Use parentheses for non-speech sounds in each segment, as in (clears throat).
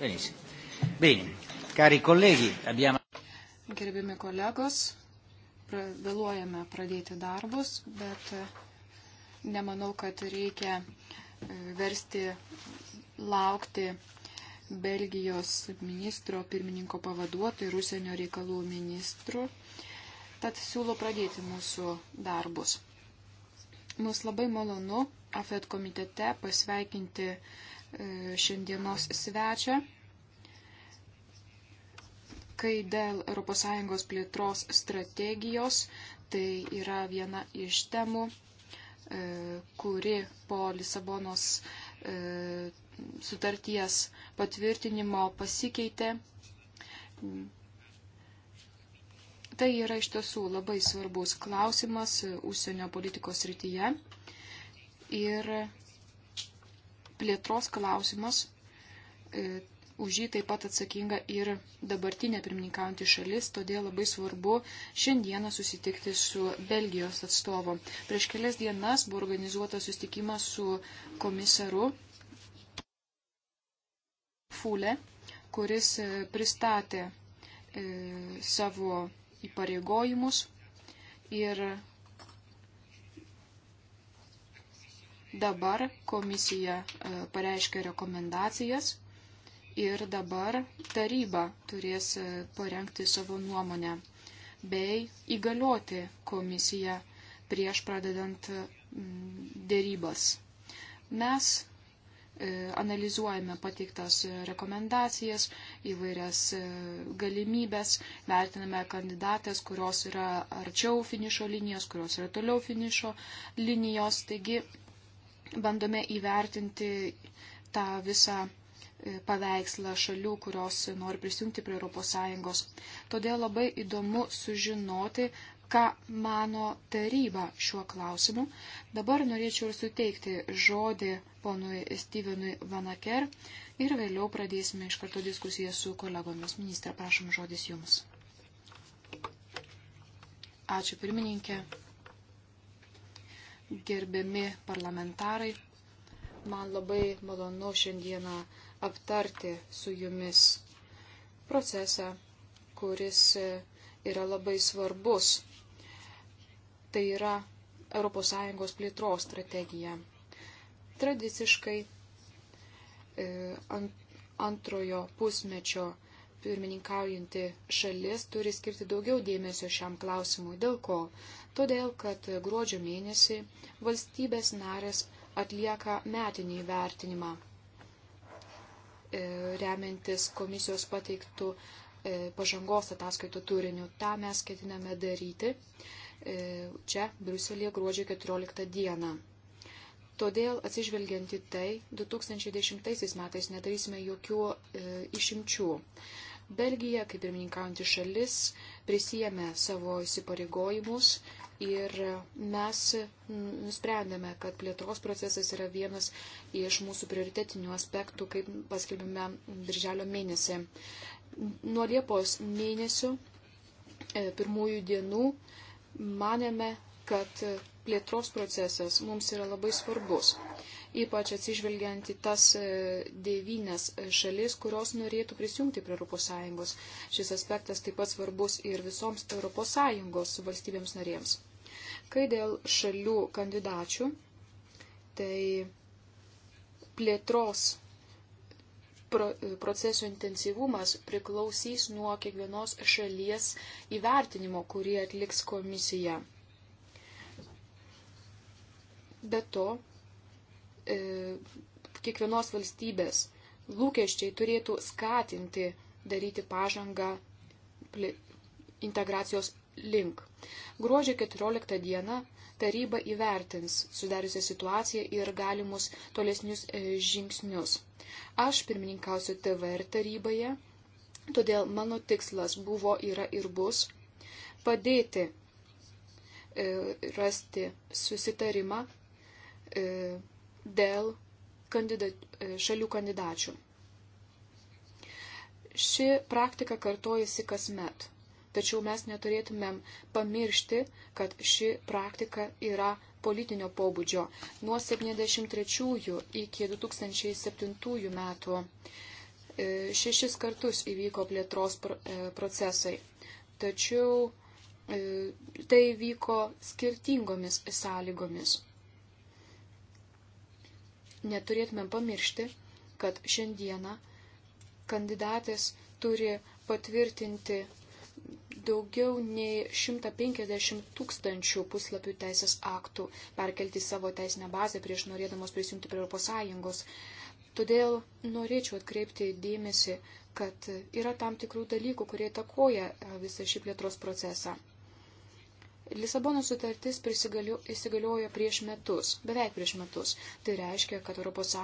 Benissimo. Bene, cari colleghi, abbiamo. Gerbiami kolegos, vėluojame pradėti darbus, bet e, nemanau, kad reikia e, versti laukti Belgijos ministro pirmininko pavaduotojų ir užsienio reikalų ministrų. Tad siūlau pradėti mūsų darbus. Mums labai malonu AFET komitete pasveikinti E, šiandienos svečią, kai dėl ES plėtros strategijos tai yra viena iš temų, e, kuri po Lisabonos e, sutarties patvirtinimo pasikeitė tai yra iš tiesų labai svarbus klausimas užsienio politikos rytyje. Ir plėtros klausimas. E, už jį taip pat atsakinga ir dabartinė pirmininkaujantį šalis, todėl labai svarbu šiandieną susitikti su Belgijos atstovu. Prieš kelias dienas buvo organizuotas susitikimas su komisaru Fule, kuris e, pristatė e, savo įpareigojimus ir Dabar komisija e, pareiškia rekomendacijas ir dabar taryba turės e, parengti savo nuomonę bei įgalioti komisiją prieš pradedant e, dėrybas. Mes analizuojame pateiktas rekomendacijas, įvairias galimybės, vertiname kandidatės, kurios yra arčiau finišo linijos, kurios yra toliau finišo linijos. Taigi bandome įvertinti tą visą e, paveikslą šalių, kurios nori prisijungti prie ES. Todėl labai įdomu sužinoti, ką mano taryba šiuo klausimu. Dabar norėčiau ir suteikti žodį ponui Stevenui Vanaker ir vėliau pradėsime iš karto diskusiją su kolegomis. Ministra, prašom žodis jums. Ačiū pirmininkė gerbiami parlamentarai. Man labai malonu šiandieną aptarti su jumis procesą, kuris e, yra labai svarbus. Tai yra ES plėtros strategija. Tradiciškai e, antrojo pusmečio pirmininkaujanti šalis turi skirti daugiau dėmesio šiam klausimui. Dėl ko? Todėl, kad gruodžio mėnesį valstybės narės atlieka metinį vertinimą, e, remiantis komisijos pateiktų e, pažangos ataskaitų turiniu. Ta mes ketiname daryti e, čia, Bruselėje, gruodžio 14 dieną. Todėl, atsižvelgiant į tai, 2010 metais nedarysime jokių e, išimčių. Belgija, kaip pirmininkaujanti šalis, prisijėmė savo įsipareigojimus ir mes nusprendėme, kad plėtros procesas yra vienas iš mūsų prioritetinių aspektų, kaip paskelbėme birželio mėnesį. Nuo Liepos mėnesio e, pirmųjų dienų manėme, kad plėtros procesas mums yra labai svarbus, ypač atsižvelgiant į tas e, devynes e, šalis, kurios norėtų prisijungti prie ES. Šis aspektas taip pat svarbus ir visoms ES valstybėms narėms. Kai dėl šalių kandidačių, tai plėtros proceso intensyvumas priklausys nuo kiekvienos šalies įvertinimo, kurį atliks komisija. Be to, e, kiekvienos valstybės lūkesčiai turėtų skatinti daryti pažangą integracijos link. Gruodžio 14 dieną taryba įvertins sudariusią situaciją ir galimus tolesnius e, žingsnius. Aš pirmininkausiu TVR taryboje, todėl mano tikslas buvo, yra ir bus padėti e, rasti susitarimą E, dėl kandidat, e, šalių kandidačių. Ši praktika kartojasi kasmet, tačiau mes neturėtumėm pamiršti, kad ši praktika yra politinio pobūdžio. Nuo 73 iki 2007 metų e, šešis kartus įvyko plėtros procesai, tačiau tai vyko skirtingomis sąlygomis neturėtumėm pamiršti, kad šiandieną kandidatės turi patvirtinti daugiau nei 150 tūkstančių puslapių teisės aktų, perkelti savo teisinę bazę prieš norėdamos prisijungti prie ES. Todėl norėčiau atkreipti dėmesį, kad yra tam tikrų dalykų, kurie takoja visą šį plėtros procesą. Lisabono sutartis įsigaliojo prieš metus, beveik prieš metus. Tai reiškia, kad ES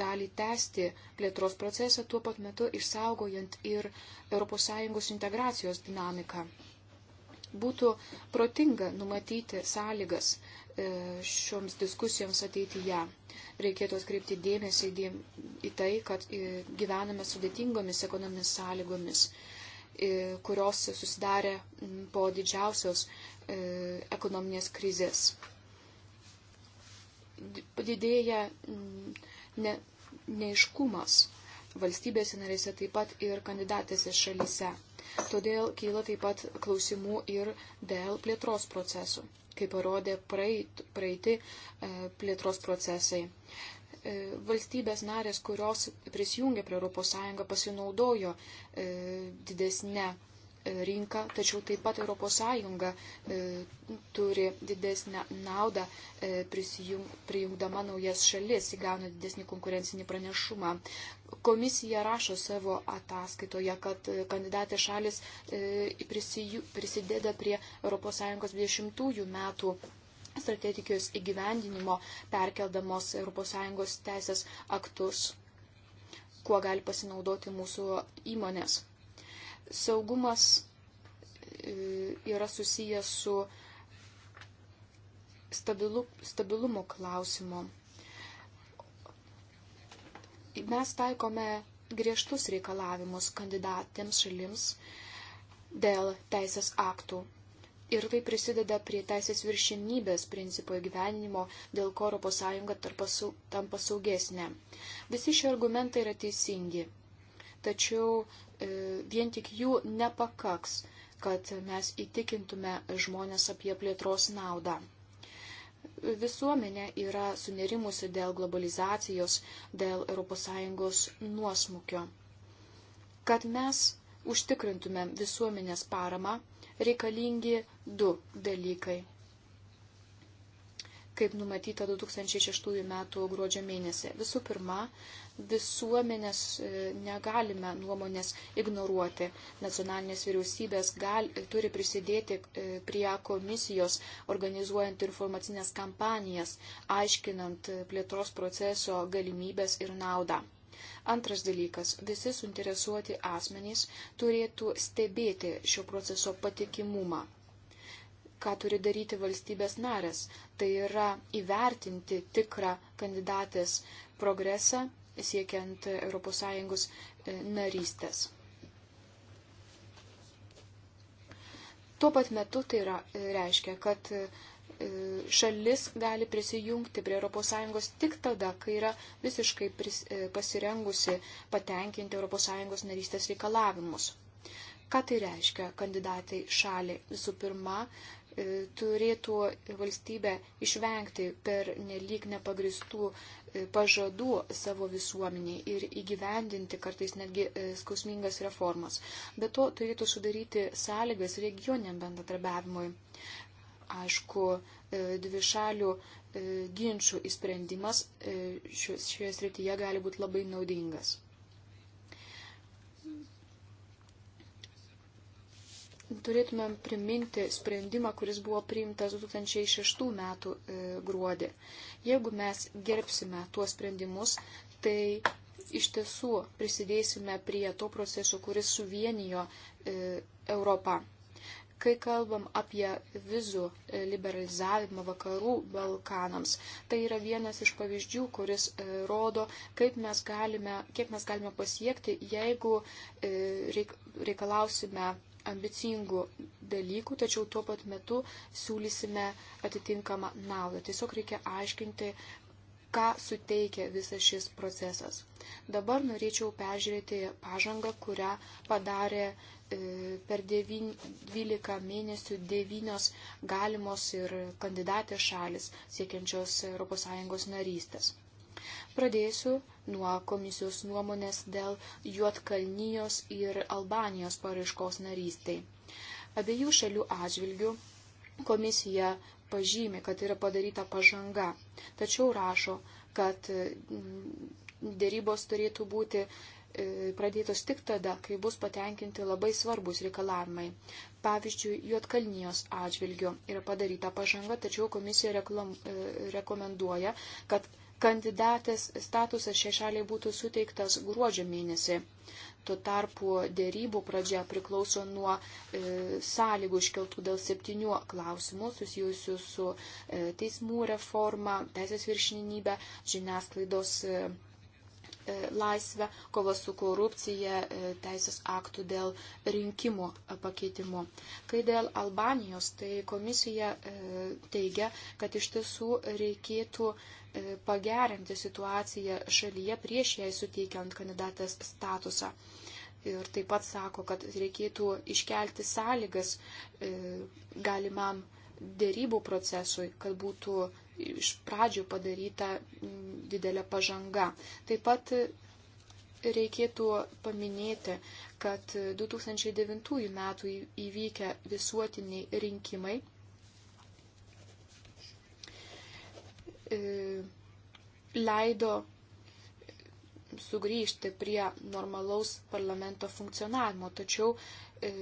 gali tęsti plėtros procesą tuo pat metu išsaugojant ir ES integracijos dinamiką. Būtų protinga numatyti sąlygas e, šioms diskusijoms ateityje. Reikėtų atkreipti dėmesį į tai, kad e, gyvename sudėtingomis ekonomis sąlygomis e, kurios susidarė po didžiausios E, ekonominės krizės. Padidėja mm, ne, neiškumas valstybėse narėse, taip pat ir kandidatėse šalyse. Todėl kyla taip pat klausimų ir dėl plėtros procesų, kaip parodė praeit, praeiti e, plėtros procesai. E, valstybės narės, kurios prisijungė prie ES, pasinaudojo didesnė rinką, tačiau taip pat ES e, turi didesnę naudą e, prijungdama naujas šalis, įgauna didesnį konkurencinį pranešumą. Komisija rašo savo ataskaitoje, kad e, kandidatė šalis prisideda prie ES 20 metų strategijos įgyvendinimo, perkeldamos ES teisės aktus, kuo gali pasinaudoti mūsų įmonės. Saugumas e, yra susijęs su stabilu, stabilumo klausimo. Mes taikome griežtus reikalavimus kandidatėms šalims dėl teisės aktų. Ir tai prisideda prie teisės viršinybės principo įgyveninimo, dėl ko ES tampa saugesnė. Visi šie argumentai yra teisingi. Tačiau E, vien tik jų nepakaks, kad mes įtikintume žmonės apie plėtros naudą. Visuomenė yra sunerimusi dėl globalizacijos, dėl ES nuosmukio. Kad mes užtikrintume visuomenės paramą, reikalingi du dalykai. Kaip numatyta 2006 m. gruodžio mėnesį. Visų pirma, visuomenės e, negalime nuomonės ignoruoti. Nacionalinės vyriausybės gal, turi prisidėti e, prie komisijos, organizuojant informacinės kampanijas, aiškinant e, plėtros proceso galimybės ir naudą. Antras dalykas - visi suinteresuoti asmenys turėtų stebėti šio proceso patikimumą. Ką turi daryti valstybės narės, tai yra įvertinti tikrą kandidatės progresą siekiant ES e, narystės. Tuo pat metu tai yra, e, reiškia, kad e, šalis gali prisijungti prie ES tik tada, kai yra visiškai pris, pasirengusi patenkinti ES narystės reikalavimus. Ką tai reiškia kandidatai šaliai? Visų pirma, turėtų valstybė išvengti per nelik nepagristų pažadų savo visuomeniai ir įgyvendinti kartais netgi e, skausmingas reformas. Be to turėtų sudaryti sąlygas regioniam bendradarbiavimui. Aišku, e, dvi šalių e, ginčių įsprendimas šioje srityje gali būti labai naudingas. Turėtumėm priminti sprendimą, kuris buvo priimtas 2006 metų gruodį. Jeigu mes gerbsime tuos sprendimus, tai iš tiesų prisidėsime prie to proceso, kuris suvienijo e, Europą. Kai kalbam apie vizų e, liberalizavimą vakarų Balkanams, tai yra vienas iš pavyzdžių, kuris e, rodo, kaip mes galime, kiek mes galime pasiekti, jeigu e, reik, reikalausime ambicingų dalykų, tačiau tuo pat metu siūlysime atitinkamą naudą. Tiesiog reikia aiškinti, ką suteikia visas šis procesas. Dabar norėčiau peržiūrėti pažangą, kurią padarė e, per 9, 12 mėnesių 9 galimos ir kandidatės šalis siekiančios ES narystės. Pradėsiu nuo komisijos nuomonės dėl Juotkalnijos ir Albanijos paraiškos narystai. Abiejų šalių atžvilgių komisija pažymė, kad yra padaryta pažanga, tačiau rašo, kad mm, dėrybos turėtų būti e, pradėtos tik tada, kai bus patenkinti labai svarbus reikalavimai. Pavyzdžiui, Juotkalnijos atžvilgiu yra padaryta pažanga, tačiau komisija reklam, e, rekomenduoja, kad kandidatės statusas šiai šaliai būtų suteiktas gruodžio mėnesį. Tuo tarpu dėrybų pradžia priklauso nuo e, sąlygų iškeltų dėl septynių klausimų susijusių su e, teismų reforma, teisės viršininybė, žiniasklaidos e, E, laisvę, kova su korupcija, e, teisės aktų dėl rinkimų pakeitimo. Kai dėl Albanijos, tai komisija e, teigia, kad iš tiesų reikėtų pagerinti situaciją šalyje prieš jai suteikiant kandidatės statusą. Ir taip pat sako, kad reikėtų iškelti sąlygas galimam dėrybų procesui, kad būtų iš pradžių padaryta mm, didelė pažanga. Taip pat reikėtų paminėti, kad 2009 metų įvykę visuotiniai rinkimai e, leido sugrįžti prie normalaus parlamento funkcionavimo, tačiau e,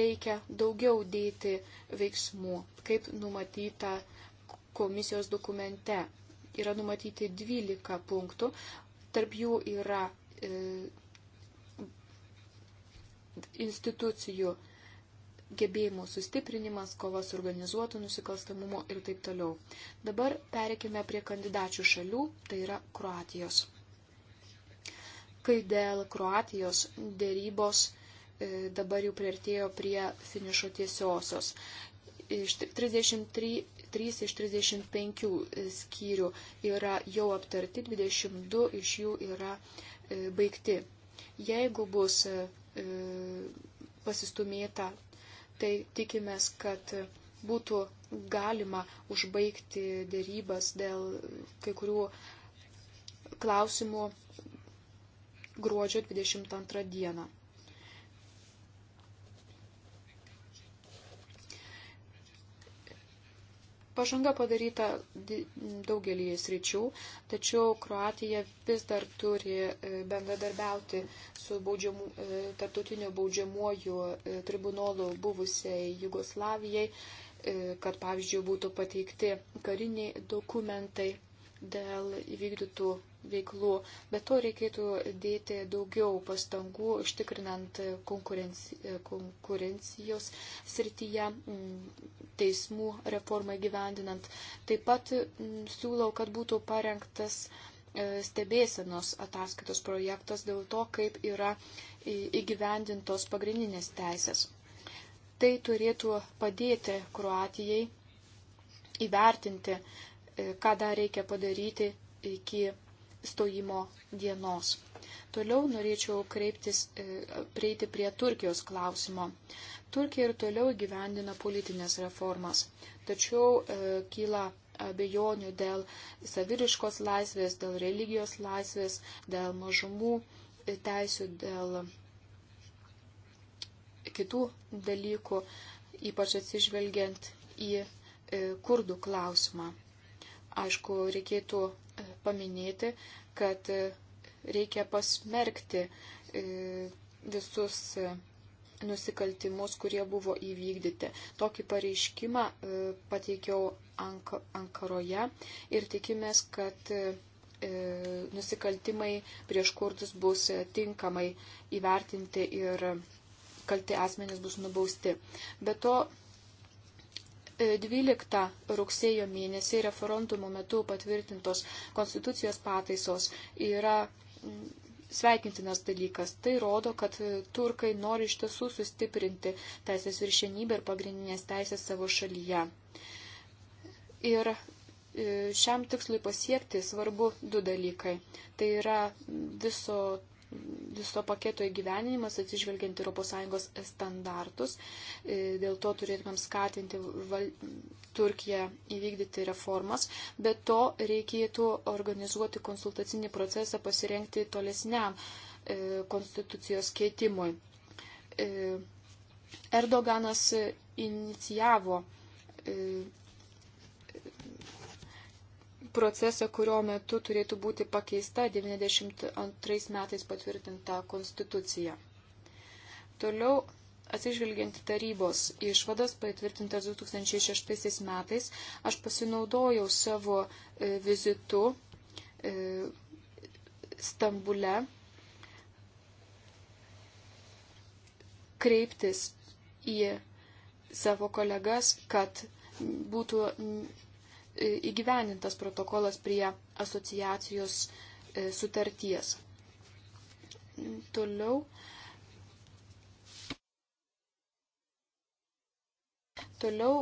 reikia daugiau dėti veiksmų, kaip numatyta komisijos dokumente yra numatyti 12 punktų, tarp jų yra e, institucijų gebėjimų sustiprinimas, kova su organizuotu nusikalstamumu ir taip toliau. Dabar pereikime prie kandidačių šalių, tai yra Kroatijos. Kai dėl Kroatijos dėrybos e, dabar jau priartėjo prie finišo tiesiosios. Iš 33 3 iš 35 e, skyrių yra jau aptarti, 22 iš jų yra e, baigti. Jeigu bus e, pasistumėta, tai tikimės, kad būtų galima užbaigti dėrybas dėl kai kurių klausimų gruodžio 22 dieną. Pažanga padaryta daugelį sričių, tačiau Kroatija vis dar turi e, bendradarbiauti su baudžiamu, e, tarptautiniu baudžiamuoju e, tribunolu buvusiai Jugoslavijai, kad pavyzdžiui būtų pateikti kariniai dokumentai dėl įvykdytų veiklų, bet to reikėtų dėti daugiau pastangų, užtikrinant konkurenci, konkurencijos srityje, mm, teismų reformą gyvendinant. Taip pat mm, siūlau, kad būtų parengtas e, stebėsenos ataskaitos projektas dėl to, kaip yra įgyvendintos pagrindinės teisės. Tai turėtų padėti Kroatijai įvertinti, e, ką dar reikia padaryti iki stojimo dienos. Toliau norėčiau kreiptis, e, prieiti prie Turkijos klausimo. Turkija ir toliau gyvendina politinės reformas, tačiau e, kyla abejonių dėl saviriškos laisvės, dėl religijos laisvės, dėl mažumų e, teisų, dėl kitų dalykų, ypač atsižvelgiant į kurdų klausimą. Aišku, reikėtų e, paminėti, kad e, reikia pasmerkti e, visus nusikaltimus, kurie buvo įvykdyti. Tokį pareiškimą pateikiau Ank Ankaroje ir tikimės, kad nusikaltimai prieš kurdus bus tinkamai įvertinti ir kalti asmenys bus nubausti. Be to, 12 rugsėjo mėnesį referendumo metu patvirtintos konstitucijos pataisos yra mm, sveikintinas dalykas. Tai rodo, kad turkai nori iš tiesų sustiprinti teisės viršenybę ir pagrindinės teisės savo šalyje. Ir e, šiam tikslui pasiekti svarbu du dalykai. Tai yra viso viso paketo įgyveninimas atsižvelgiant ES standartus. E, dėl to turėtumėm skatinti val... Turkiją įvykdyti reformas, bet to reikėtų organizuoti konsultacinį procesą, pasirengti tolesniam e, konstitucijos keitimui. E, Erdoganas inicijavo procesą, kurio metu turėtų būti pakeista 92 metais patvirtinta konstitucija. Toliau, atsižvelgiant tarybos išvadas patvirtintas 2006 metais, aš pasinaudojau savo e, vizitu e, Stambule kreiptis į savo kolegas, kad būtų įgyvenintas protokolas prie asociacijos e, sutarties. Toliau. Toliau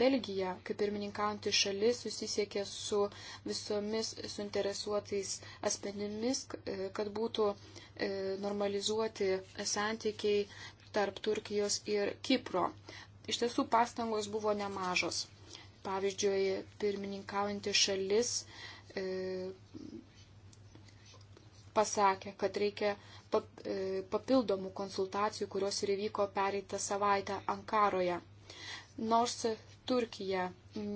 Belgija, kaip pirmininkaujantį šalis, susisiekė su visomis suinteresuotais asmenimis, e, kad būtų e, normalizuoti santykiai tarp Turkijos ir Kipro. Iš tiesų pastangos buvo nemažos. Pavyzdžiui, pirmininkaujanti šalis e, pasakė, kad reikia e, papildomų konsultacijų, kurios ir įvyko pereitą savaitę Ankaroje. Nors Turkija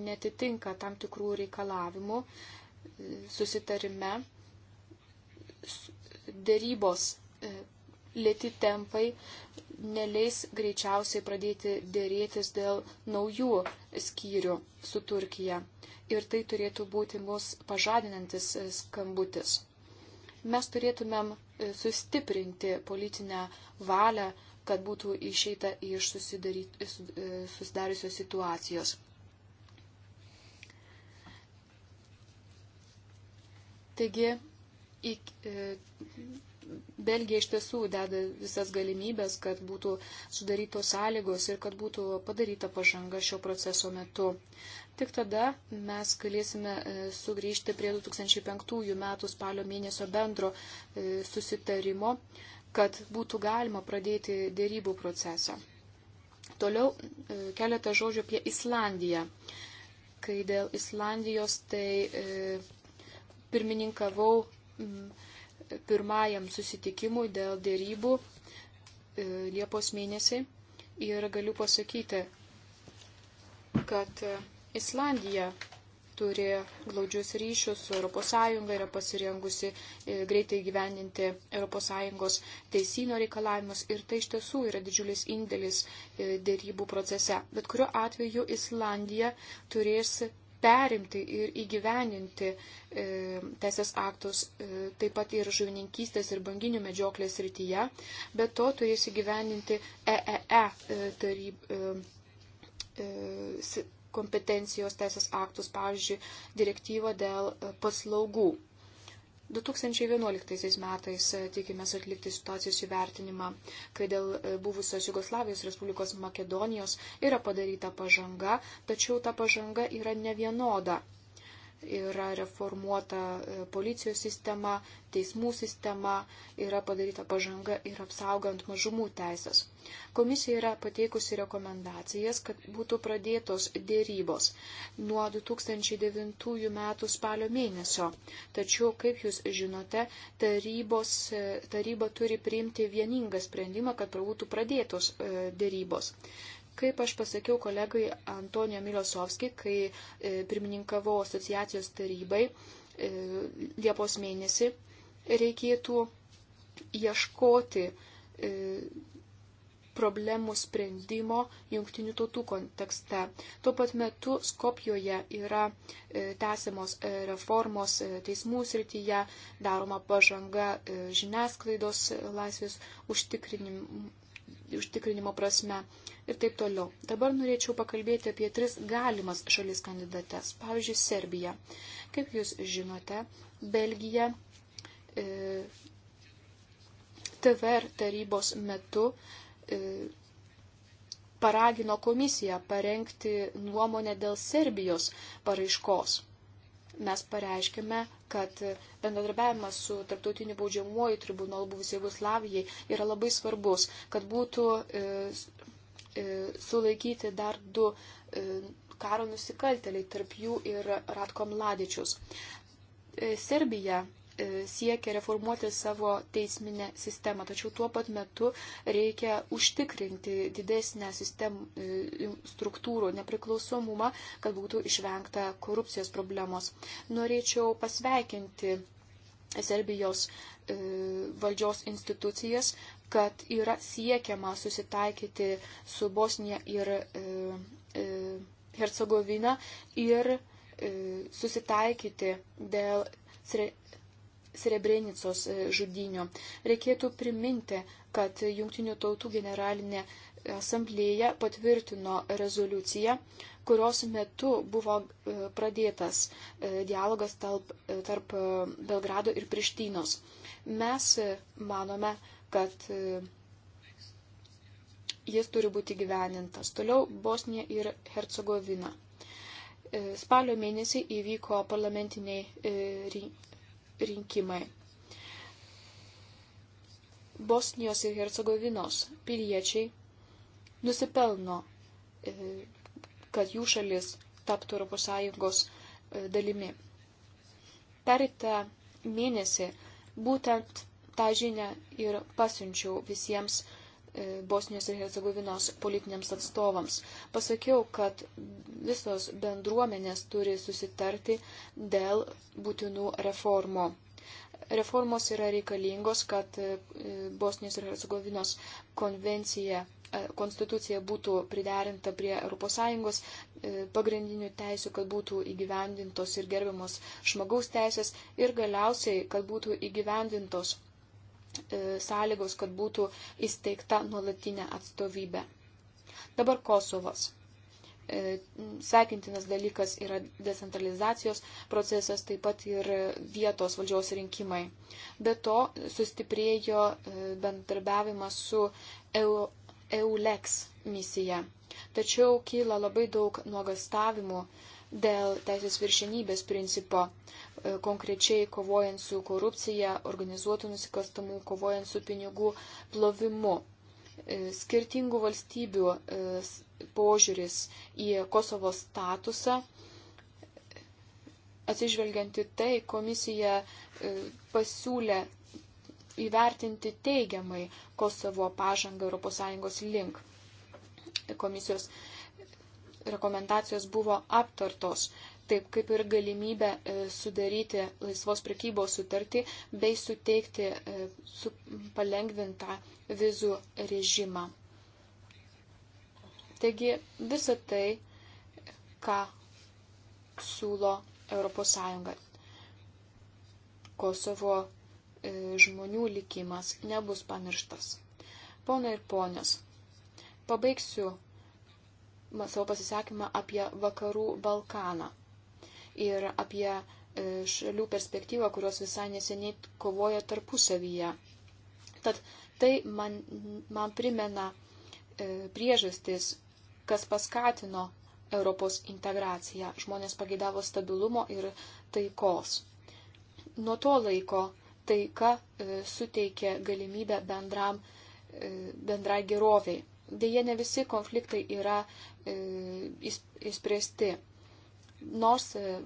netitinka tam tikrų reikalavimų e, susitarime, dėrybos e, lėti tempai neleis greičiausiai pradėti dėrėtis dėl naujų skyrių su Turkija. Ir tai turėtų būti mūsų pažadinantis skambutis. Mes turėtumėm e, sustiprinti politinę valią, kad būtų išeita iš e, e, susidariusios situacijos. Taigi, iki, e, Belgija iš tiesų deda visas galimybės, kad būtų sudarytos sąlygos ir kad būtų padaryta pažanga šio proceso metu. Tik tada mes galėsime e, sugrįžti prie 2005 metų spalio mėnesio bendro e, susitarimo, kad būtų galima pradėti dėrybų procesą. Toliau e, keletą žodžių apie Islandiją. Kai dėl Islandijos, tai pirmininkavau pirmajam susitikimui dėl dėrybų e, Liepos mėnesį ir galiu pasakyti, kad e, Islandija turi glaudžius ryšius su ES, yra pasirengusi e, greitai gyveninti ES teisino reikalavimus ir tai iš tiesų yra didžiulis indėlis dėrybų procese. Bet kuriuo atveju Islandija turės perimti ir įgyveninti e, teisės aktus e, taip pat ir žuvininkystės ir banginių medžioklės rytyje, bet to turės įgyveninti EEE e, e, taryb, e, e, kompetencijos teisės aktus, pavyzdžiui, direktyvą dėl e, paslaugų. 2011 metais e, tikimės atlikti situacijos įvertinimą, kai dėl e, buvusios Jugoslavijos Respublikos Makedonijos yra padaryta pažanga, tačiau ta pažanga yra nevienoda Yra reformuota e, policijos sistema, teismų sistema, yra padaryta pažanga ir apsaugant mažumų teisės. Komisija yra pateikusi rekomendacijas, kad būtų pradėtos dėrybos nuo 2009 metų spalio mėnesio. Tačiau, kaip jūs žinote, tarybos, e, taryba turi priimti vieningą sprendimą, kad būtų pradėtos e, dėrybos. Kaip aš pasakiau kolegai Antonijo Miliosovskį, kai e, pirmininkavau asociacijos tarybai e, Liepos mėnesį, reikėtų ieškoti e, problemų sprendimo jungtinių tautų kontekste. Tuo pat metu Skopijoje yra tęsiamos reformos teismų srityje, daroma pažanga žiniasklaidos laisvės užtikrinim, užtikrinimo prasme ir taip toliau. Dabar norėčiau pakalbėti apie tris galimas šalis kandidates. Pavyzdžiui, Serbija. Kaip jūs žinote, Belgija e, TVR tarybos metu e, paragino komisiją parengti nuomonę dėl Serbijos paraiškos mes pareiškime, kad bendradarbiavimas su tarptautiniu baudžiamuoju tribunalu buvusiai Jugoslavijai yra labai svarbus, kad būtų e, e, sulaikyti dar du e, karo nusikalteliai, tarp jų ir Ratko Mladičius. E, Serbija E, siekia reformuoti savo teisminę sistemą, tačiau tuo pat metu reikia užtikrinti didesnę sistem, e, struktūrų nepriklausomumą, kad būtų išvengta korupcijos problemos. Norėčiau pasveikinti Serbijos e, valdžios institucijas, kad yra siekiama susitaikyti su Bosnija ir Hercegovina ir susitaikyti dėl Srebrenicos e, žudinių. Reikėtų priminti, kad Junktinių tautų generalinė asamblėja patvirtino rezoliuciją, kurios metu buvo e, pradėtas e, dialogas tarp, tarp Belgrado ir Prištynos. Mes manome, kad jis turi būti gyvenintas. Toliau Bosnija ir Hercegovina. Spalio mėnesį įvyko parlamentiniai rinkimai. Bosnijos ir Hercegovinos piliečiai nusipelno, e, kad jų šalis taptų ES e, dalimi. Pereitą mėnesį būtent tą žinę ir pasiunčiau visiems uh, E, Bosnijos ir Hercegovinos politiniams atstovams. Pasakiau, kad visos bendruomenės turi susitarti dėl būtinų reformų. Reformos yra reikalingos, kad e, Bosnijos ir Hercegovinos konvencija, e, konstitucija būtų priderinta prie ES pagrindinių teisių, kad būtų įgyvendintos ir gerbiamos žmogaus teisės ir galiausiai, kad būtų įgyvendintos E, sąlygos, kad būtų įsteigta nuolatinė atstovybė. Dabar Kosovas. E, sveikintinas dalykas yra decentralizacijos procesas, taip pat ir vietos valdžios rinkimai. Be to sustiprėjo e, bendarbiavimas su EU, EULEX misija. Tačiau kyla labai daug nuogastavimų dėl teisės viršenybės principo E, konkrečiai kovojant su korupcija, organizuotų nusikalstamų, kovojant su pinigų plovimu. E, skirtingų valstybių e, požiūris į Kosovo statusą. Atsižvelgianti tai, komisija pasiūlė įvertinti teigiamai Kosovo pažangą ES link. Komisijos rekomendacijos buvo aptartos taip kaip ir galimybę e, sudaryti laisvos prekybos sutartį bei suteikti e, su palengvintą vizų režimą. Taigi visa tai, ką siūlo ES. Kosovo e, žmonių likimas nebus pamirštas. Pona ir ponios, pabaigsiu savo pasisakymą apie vakarų Balkaną ir apie e, šalių perspektyvą, kurios visai neseniai kovoja tarpusavyje. Tad tai man, man primena e, priežastis, kas paskatino Europos integraciją. Žmonės pagėdavo stabilumo ir taikos. Nuo to laiko taika e, suteikė galimybę bendram, e, bendrai geroviai. Deja, ne visi konfliktai yra e, įspręsti. Is, Nors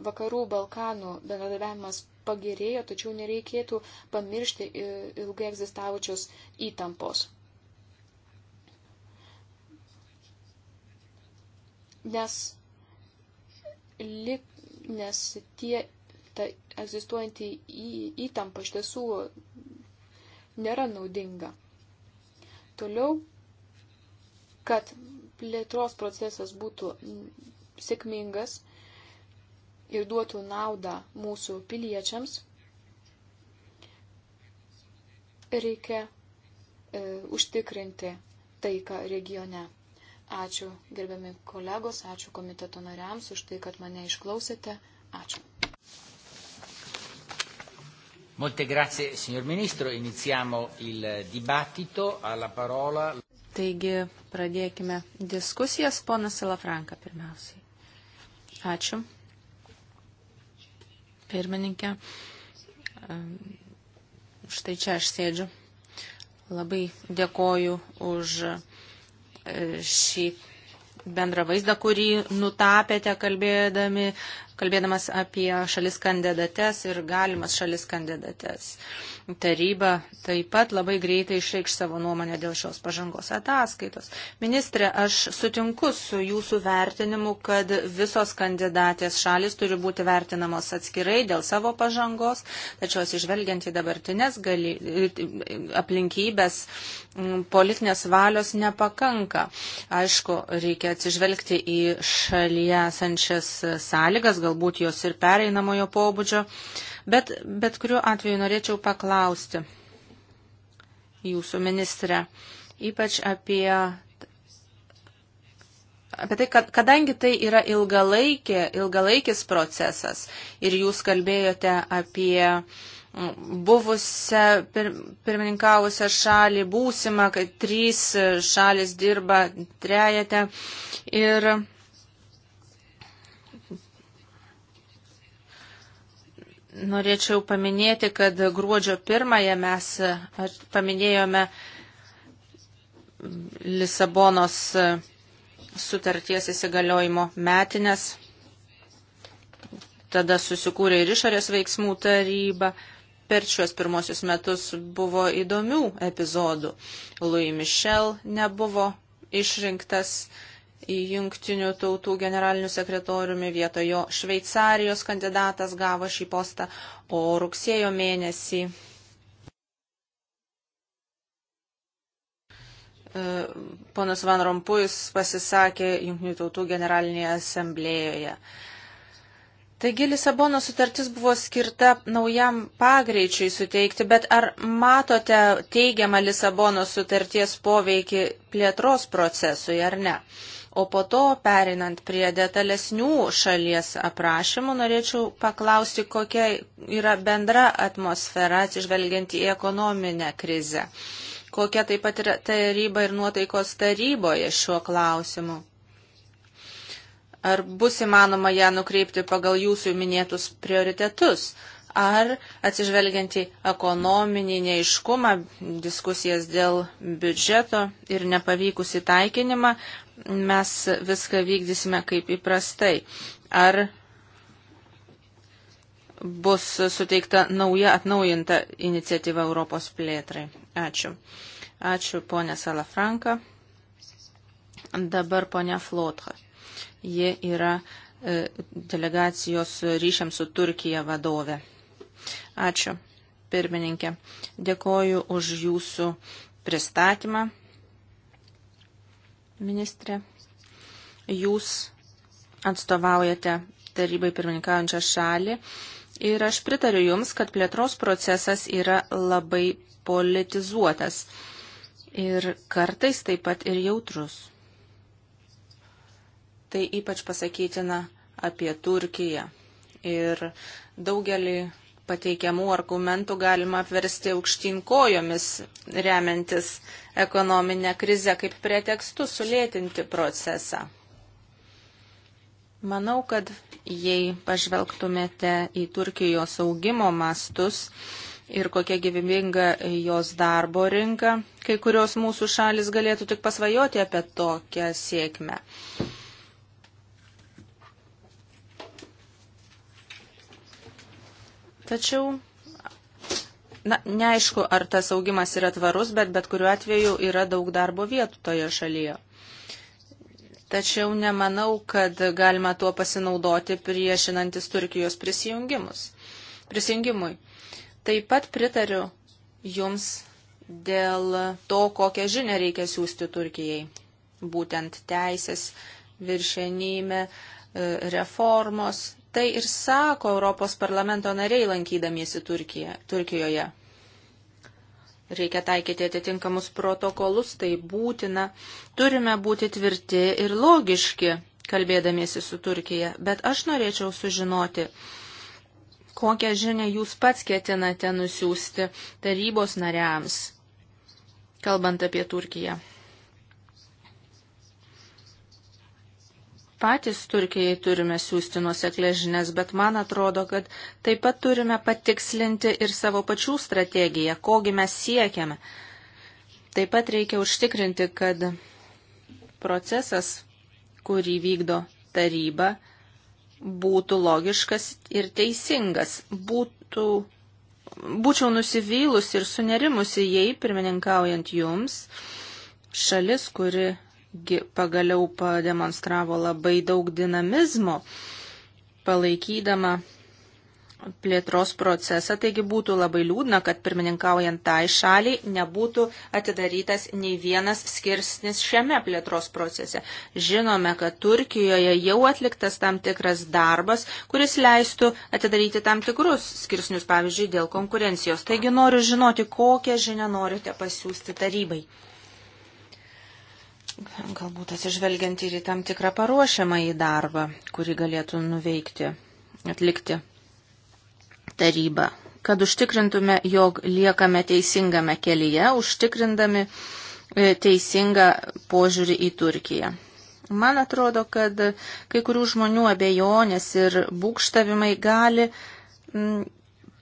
vakarų Balkanų bendradarbiavimas pagerėjo, tačiau nereikėtų pamiršti ilgai egzistavusios įtampos. Nes, li, nes tie ta egzistuojanti įtampa iš tiesų nėra naudinga. Toliau, kad plėtros procesas būtų sėkmingas, ir duotų naudą mūsų piliečiams, reikia e, užtikrinti taiką regione. Ačiū gerbiami kolegos, ačiū komiteto nariams už tai, kad mane išklausėte. Ačiū. Molte grazie, signor Ministro. Iniziamo il dibattito. Alla parola. Taigi pradėkime diskusijas. Ponas Salafranka pirmiausiai. Ačiū pirmininkė. Štai čia aš sėdžiu. Labai dėkoju už e, šį bendrą vaizdą, kurį nutapėte kalbėdami kalbėdamas apie šalis kandidates ir galimas šalis kandidates. Taryba taip pat labai greitai išreikš savo nuomonę dėl šios pažangos ataskaitos. Ministrė, aš sutinku su jūsų vertinimu, kad visos kandidatės šalis turi būti vertinamos atskirai dėl savo pažangos, tačiau atsižvelgiant į dabartinės gali, aplinkybės politinės valios nepakanka. Aišku, reikia atsižvelgti į šalyje esančias sąlygas, galbūt jos ir pereinamojo pobūdžio, bet, bet kuriuo atveju norėčiau paklausti jūsų ministrę, ypač apie, apie tai, kad, kadangi tai yra ilgalaikė, ilgalaikis procesas ir jūs kalbėjote apie mm, buvusią pir, pirmininkavusią šalį, būsimą, kad trys šalis dirba trejate. Ir Norėčiau paminėti, kad gruodžio pirmąją mes paminėjome Lisabonos sutarties įsigaliojimo metinės. Tada susikūrė ir išorės veiksmų taryba. Per šios pirmosius metus buvo įdomių epizodų. Louis Michel nebuvo išrinktas jungtinių tautų generaliniu sekretoriumi vietojo Šveicarijos kandidatas gavo šį postą, o rugsėjo mėnesį e, ponas Van Rompuis pasisakė jungtinių tautų generalinėje asamblėjoje. Taigi Lisabono sutartis buvo skirta naujam pagreičiai suteikti, bet ar matote teigiamą Lisabono sutarties poveikį plėtros procesui ar ne? Uh, O po to, perinant prie detalesnių šalies aprašymų, norėčiau paklausti, kokia yra bendra atmosfera atsižvelgiant į ekonominę krizę. Kokia taip pat yra taryba ir nuotaikos taryboje šiuo klausimu. Ar bus įmanoma ją nukreipti pagal jūsų minėtus prioritetus? Ar atsižvelgiant į ekonominį neiškumą, diskusijas dėl biudžeto ir nepavykusį taikinimą, mes viską vykdysime kaip įprastai? Ar bus suteikta nauja atnaujinta iniciatyva Europos plėtrai? Ačiū. Ačiū, ponė Salafranka. Dabar ponė Flotra. Ji yra e, delegacijos ryšiams su Turkija vadovė. Ačiū, pirmininkė. Dėkoju už jūsų pristatymą ministrė. Jūs atstovaujate tarybai pirmininkaujančią šalį ir aš pritariu Jums, kad plėtros procesas yra labai politizuotas ir kartais taip pat ir jautrus. Tai ypač pasakytina apie Turkiją ir daugelį pateikiamų argumentų galima apversti aukštyn kojomis, remiantis ekonominę krizę kaip pretekstu sulėtinti procesą. Manau, kad jei pažvelgtumėte į Turkijos augimo mastus ir kokia gyvybinga jos darbo rinka, kai kurios mūsų šalis galėtų tik pasvajoti apie tokią sėkmę. Tačiau, na, neaišku, ar tas augimas yra tvarus, bet bet kuriuo atveju yra daug darbo vietų toje šalyje. Tačiau nemanau, kad galima tuo pasinaudoti priešinantis Turkijos prisijungimus. prisijungimui. Taip pat pritariu Jums dėl to, kokią žinę reikia siūsti Turkijai. Būtent teisės viršenybė, e, reformos tai ir sako Europos parlamento nariai lankydamiesi Turkija, Turkijoje. Reikia taikyti atitinkamus protokolus, tai būtina. Turime būti tvirti ir logiški, kalbėdamiesi su Turkija. Bet aš norėčiau sužinoti, kokią žinę jūs pats ketinate nusiųsti tarybos nariams, kalbant apie Turkiją. patys Turkijai turime siūsti nuoseklę žinias, bet man atrodo, kad taip pat turime patikslinti ir savo pačių strategiją, kogi mes siekiame. Taip pat reikia užtikrinti, kad procesas, kurį vykdo taryba, būtų logiškas ir teisingas. Būtų, būčiau nusivylusi ir sunerimusi, jei pirmininkaujant jums šalis, kuri pagaliau pademonstravo labai daug dinamizmo, palaikydama plėtros procesą, taigi būtų labai liūdna, kad pirmininkaujant tai šaliai nebūtų atidarytas nei vienas skirsnis šiame plėtros procese. Žinome, kad Turkijoje jau atliktas tam tikras darbas, kuris leistų atidaryti tam tikrus skirsnius, pavyzdžiui, dėl konkurencijos. Taigi noriu žinoti, kokią žinią norite pasiūsti tarybai galbūt atsižvelgiant ir į tam tikrą paruošiamą į darbą, kurį galėtų nuveikti, atlikti taryba, kad užtikrintume, jog liekame teisingame kelyje, užtikrindami e, teisingą požiūrį į Turkiją. Man atrodo, kad kai kurių žmonių abejonės ir būkštavimai gali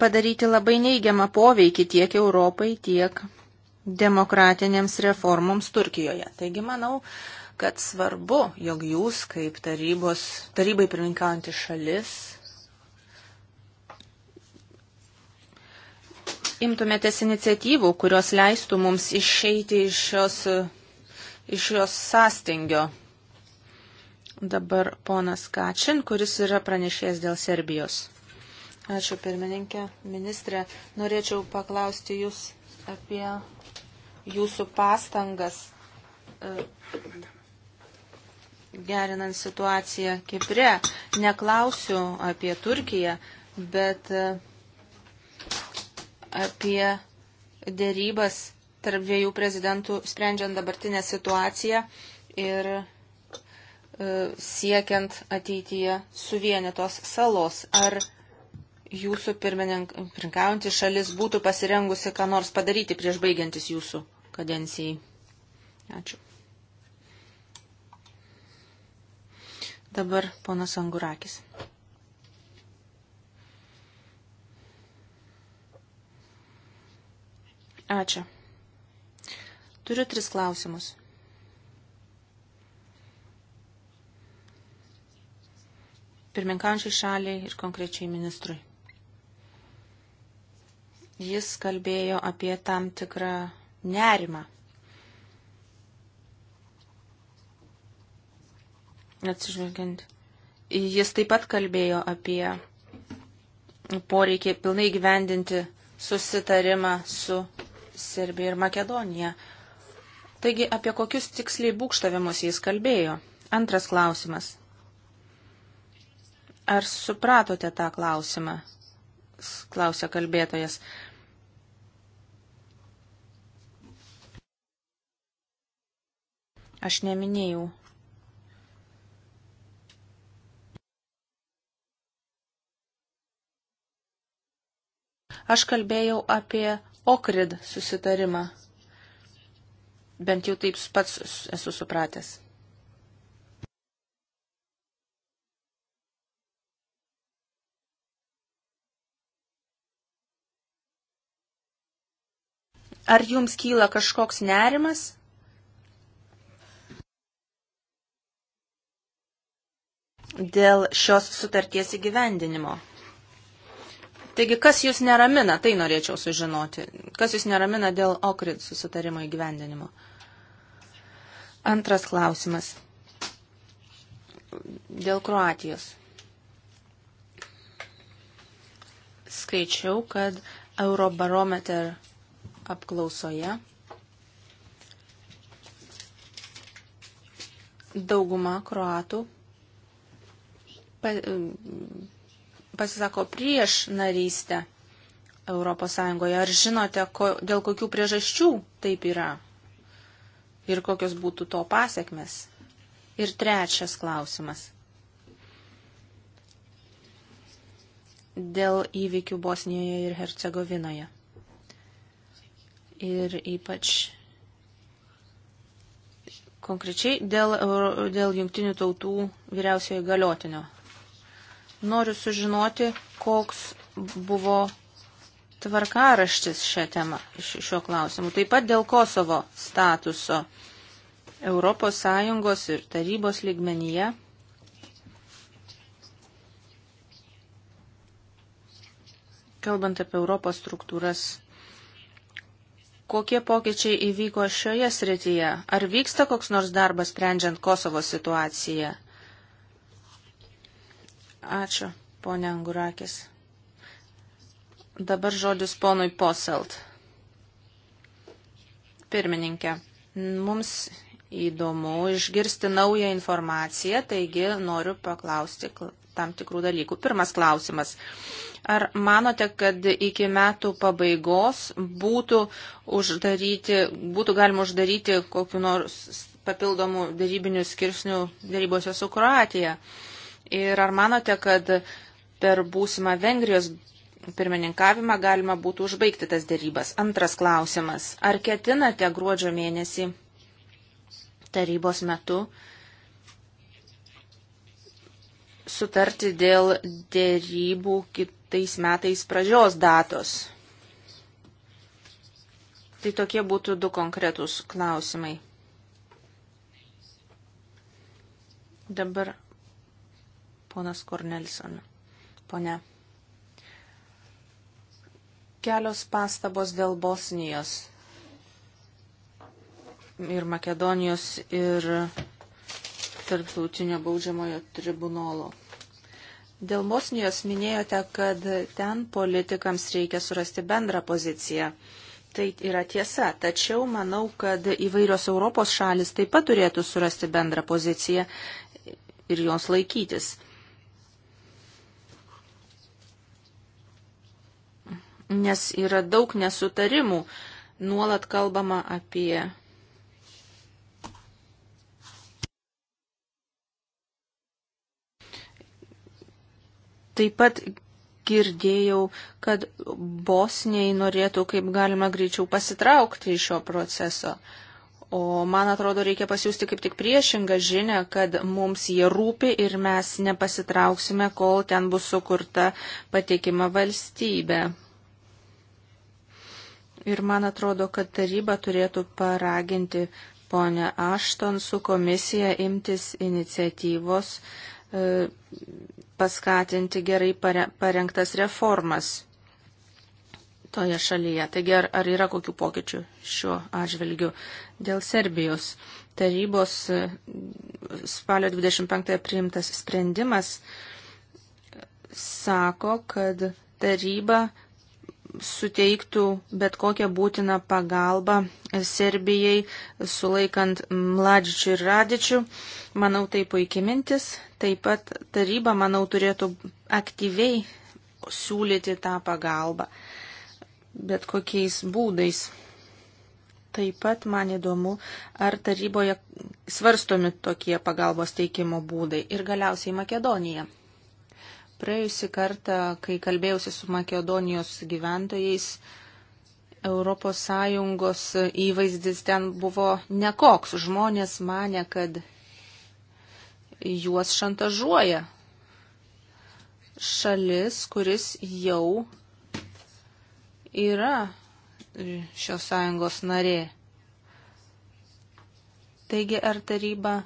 padaryti labai neigiamą poveikį tiek Europai, tiek demokratinėms reformoms Turkijoje. Taigi manau, kad svarbu, jog jūs kaip tarybos, tarybai pirmininkaujantį šalis imtumėtės iniciatyvų, kurios leistų mums išeiti iš šios, iš šios sąstingio. Dabar ponas Kačin, kuris yra pranešėjęs dėl Serbijos. Ačiū pirmininkė, ministrė. Norėčiau paklausti jūs apie jūsų pastangas e, gerinant situaciją Kipre. Neklausiu apie Turkiją, bet e, apie dėrybas tarp dviejų prezidentų, sprendžiant dabartinę situaciją ir e, siekiant ateityje suvienytos salos. Ar jūsų pirmininkaujantį šalis būtų pasirengusi ką nors padaryti prieš baigiantis jūsų kadencijai. Ačiū. Dabar ponas Angurakis. Ačiū. Turiu tris klausimus. Pirminkančiai šaliai ir konkrečiai ministrui. Jis kalbėjo apie tam tikrą nerimą. Atsižvelgiant. Jis taip pat kalbėjo apie poreikį pilnai gyvendinti susitarimą su Serbija ir Makedonija. Taigi, apie kokius tiksliai būkštavimus jis kalbėjo? Antras klausimas. Ar supratote tą klausimą? Klausė kalbėtojas. aš neminėjau. Aš kalbėjau apie Okrid susitarimą. Bent jau taip pats esu supratęs. Ar jums kyla kažkoks nerimas? dėl šios sutarties įgyvendinimo. Taigi, kas jūs neramina, tai norėčiau sužinoti. Kas jūs neramina dėl OKRID susitarimo įgyvendinimo? Antras klausimas. Dėl Kroatijos. Skaičiau, kad Eurobarometer apklausoje dauguma kroatų pasisako prieš narystę Europos Sąjungoje. Ar žinote, ko, dėl kokių priežasčių taip yra? Ir kokios būtų to pasiekmes? Ir trečias klausimas. Dėl įvykių Bosnijoje ir Hercegovinoje. Ir ypač konkrečiai dėl, dėl jungtinių tautų vyriausiojo galiotinio Noriu sužinoti, koks buvo tvarkaraštis šią temą šiuo klausimu. Taip pat dėl Kosovo statuso Europos Sąjungos ir tarybos lygmenyje. Kalbant apie Europos struktūras, kokie pokyčiai įvyko šioje srityje? Ar vyksta koks nors darbas sprendžiant Kosovo situaciją? Ačiū, ponė Angurakis. Dabar žodis ponui Poselt. Pirmininkė, mums įdomu išgirsti naują informaciją, taigi noriu paklausti tam tikrų dalykų. Pirmas klausimas. Ar manote, kad iki metų pabaigos būtų, uždaryti, būtų galima uždaryti kokiu nors papildomu darybiniu skirsniu darybose su Kroatija? Uh, Ir ar manote, kad per būsimą Vengrijos pirmininkavimą galima būtų užbaigti tas dėrybas? Antras klausimas. Ar ketinate gruodžio mėnesį tarybos metu sutarti dėl dėrybų kitais metais pradžios datos? Tai tokie būtų du konkretūs klausimai. Dabar ponas Kornelson. Pone. Kelios pastabos dėl Bosnijos ir Makedonijos ir tarptautinio baudžiamojo tribunolo. Dėl Bosnijos minėjote, kad ten politikams reikia surasti bendrą poziciją. Tai yra tiesa, tačiau manau, kad įvairios Europos šalis taip pat turėtų surasti bendrą poziciją ir jos laikytis. nes yra daug nesutarimų. Nuolat kalbama apie Taip pat girdėjau, kad Bosniai norėtų kaip galima greičiau pasitraukti iš šio proceso. O man atrodo, reikia pasiūsti kaip tik priešingą žinę, kad mums jie rūpi ir mes nepasitrauksime, kol ten bus sukurta patikima valstybė. Ir man atrodo, kad taryba turėtų paraginti ponę Ašton su komisija imtis iniciatyvos e, paskatinti gerai parengtas reformas toje šalyje. Taigi ar, ar yra kokių pokyčių šiuo atžvilgiu dėl Serbijos? Tarybos e, spalio 25 priimtas sprendimas e, sako, kad taryba suteiktų bet kokią būtiną pagalbą Serbijai, sulaikant Mladičių ir Radičių. Manau, tai puikiai mintis. Taip pat taryba, manau, turėtų aktyviai siūlyti tą pagalbą, bet kokiais būdais. Taip pat man įdomu, ar taryboje svarstomi tokie pagalbos teikimo būdai ir galiausiai Makedonija. Praėjusi kartą, kai kalbėjausi su Makedonijos gyventojais, ES įvaizdis ten buvo nekoks. Žmonės mane, kad juos šantažuoja šalis, kuris jau yra šios sąjungos narė. Taigi, ar taryba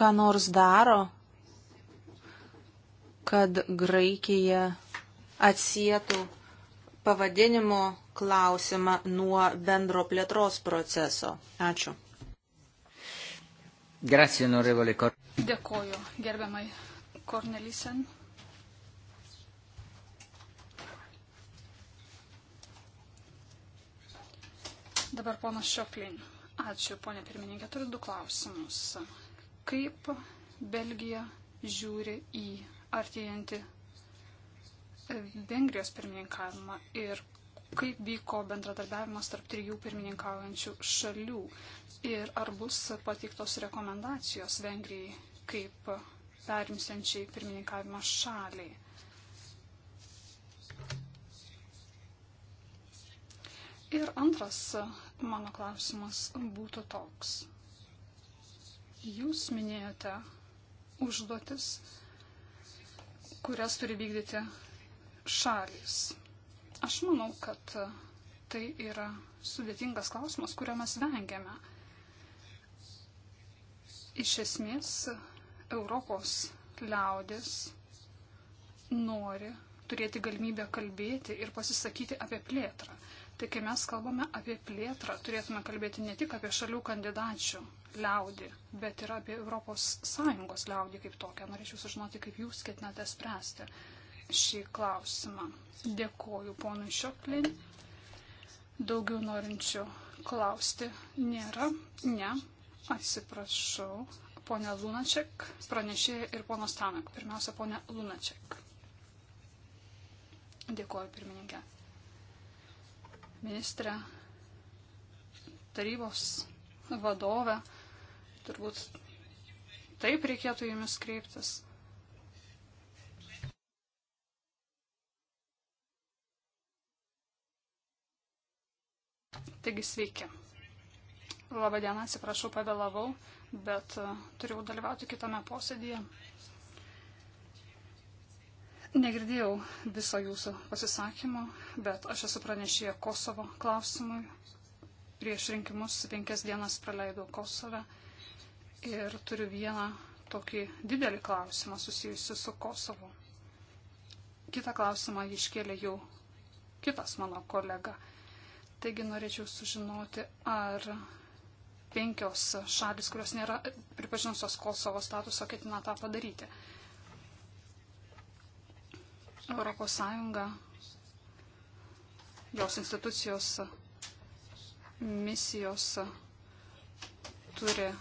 ką nors daro, kad Graikija atsietų pavadinimo klausimą nuo bendro plėtros proceso. Ačiū. Grazie, onorevole Kor. Dėkoju, gerbiamai Kornelisen. Dabar ponas Šioplin. Ačiū, ponė pirmininkė, turiu du klausimus kaip Belgija žiūri į artėjantį e, Vengrijos pirmininkavimą ir kaip vyko bendradarbiavimas tarp trijų pirmininkaujančių šalių ir ar bus pateiktos rekomendacijos Vengrijai kaip perimsiančiai pirmininkavimą šaliai. Ir antras mano klausimas būtų toks. Jūs minėjote užduotis, kurias turi vykdyti šalis. Aš manau, kad tai yra sudėtingas klausimas, kurio mes vengiame. Iš esmės, Europos liaudės nori turėti galimybę kalbėti ir pasisakyti apie plėtrą. Tai kai mes kalbame apie plėtrą, turėtume kalbėti ne tik apie šalių kandidačių liaudį, bet ir apie ES liaudį kaip tokią. Norėčiau sužinoti, kaip jūs ketinate spręsti šį klausimą. Dėkoju ponui Šioklin. Daugiau norinčių klausti nėra. Ne. Atsiprašau. Pone Lunaček, pranešėja ir pono Stanak. Pirmiausia, pone Lunaček. Dėkoju, pirmininkė. Ministrė, tarybos vadovę Turbūt taip reikėtų jumis kreiptis. Taigi sveiki. Labą dieną, atsiprašau, pavėlavau, bet e, turėjau dalyvauti kitame posėdėje. Negirdėjau viso jūsų pasisakymo, bet aš esu pranešėję Kosovo klausimui. Prieš rinkimus penkias dienas praleidau Kosove. Ir turiu vieną tokį didelį klausimą susijusiu su Kosovu. Kita klausimą iškėlė jau kitas mano kolega. Taigi norėčiau sužinoti, ar penkios šalis, kurios nėra pripažinusios Kosovo statuso, ketina tą padaryti. Europos Sąjunga, jos institucijos, misijos turi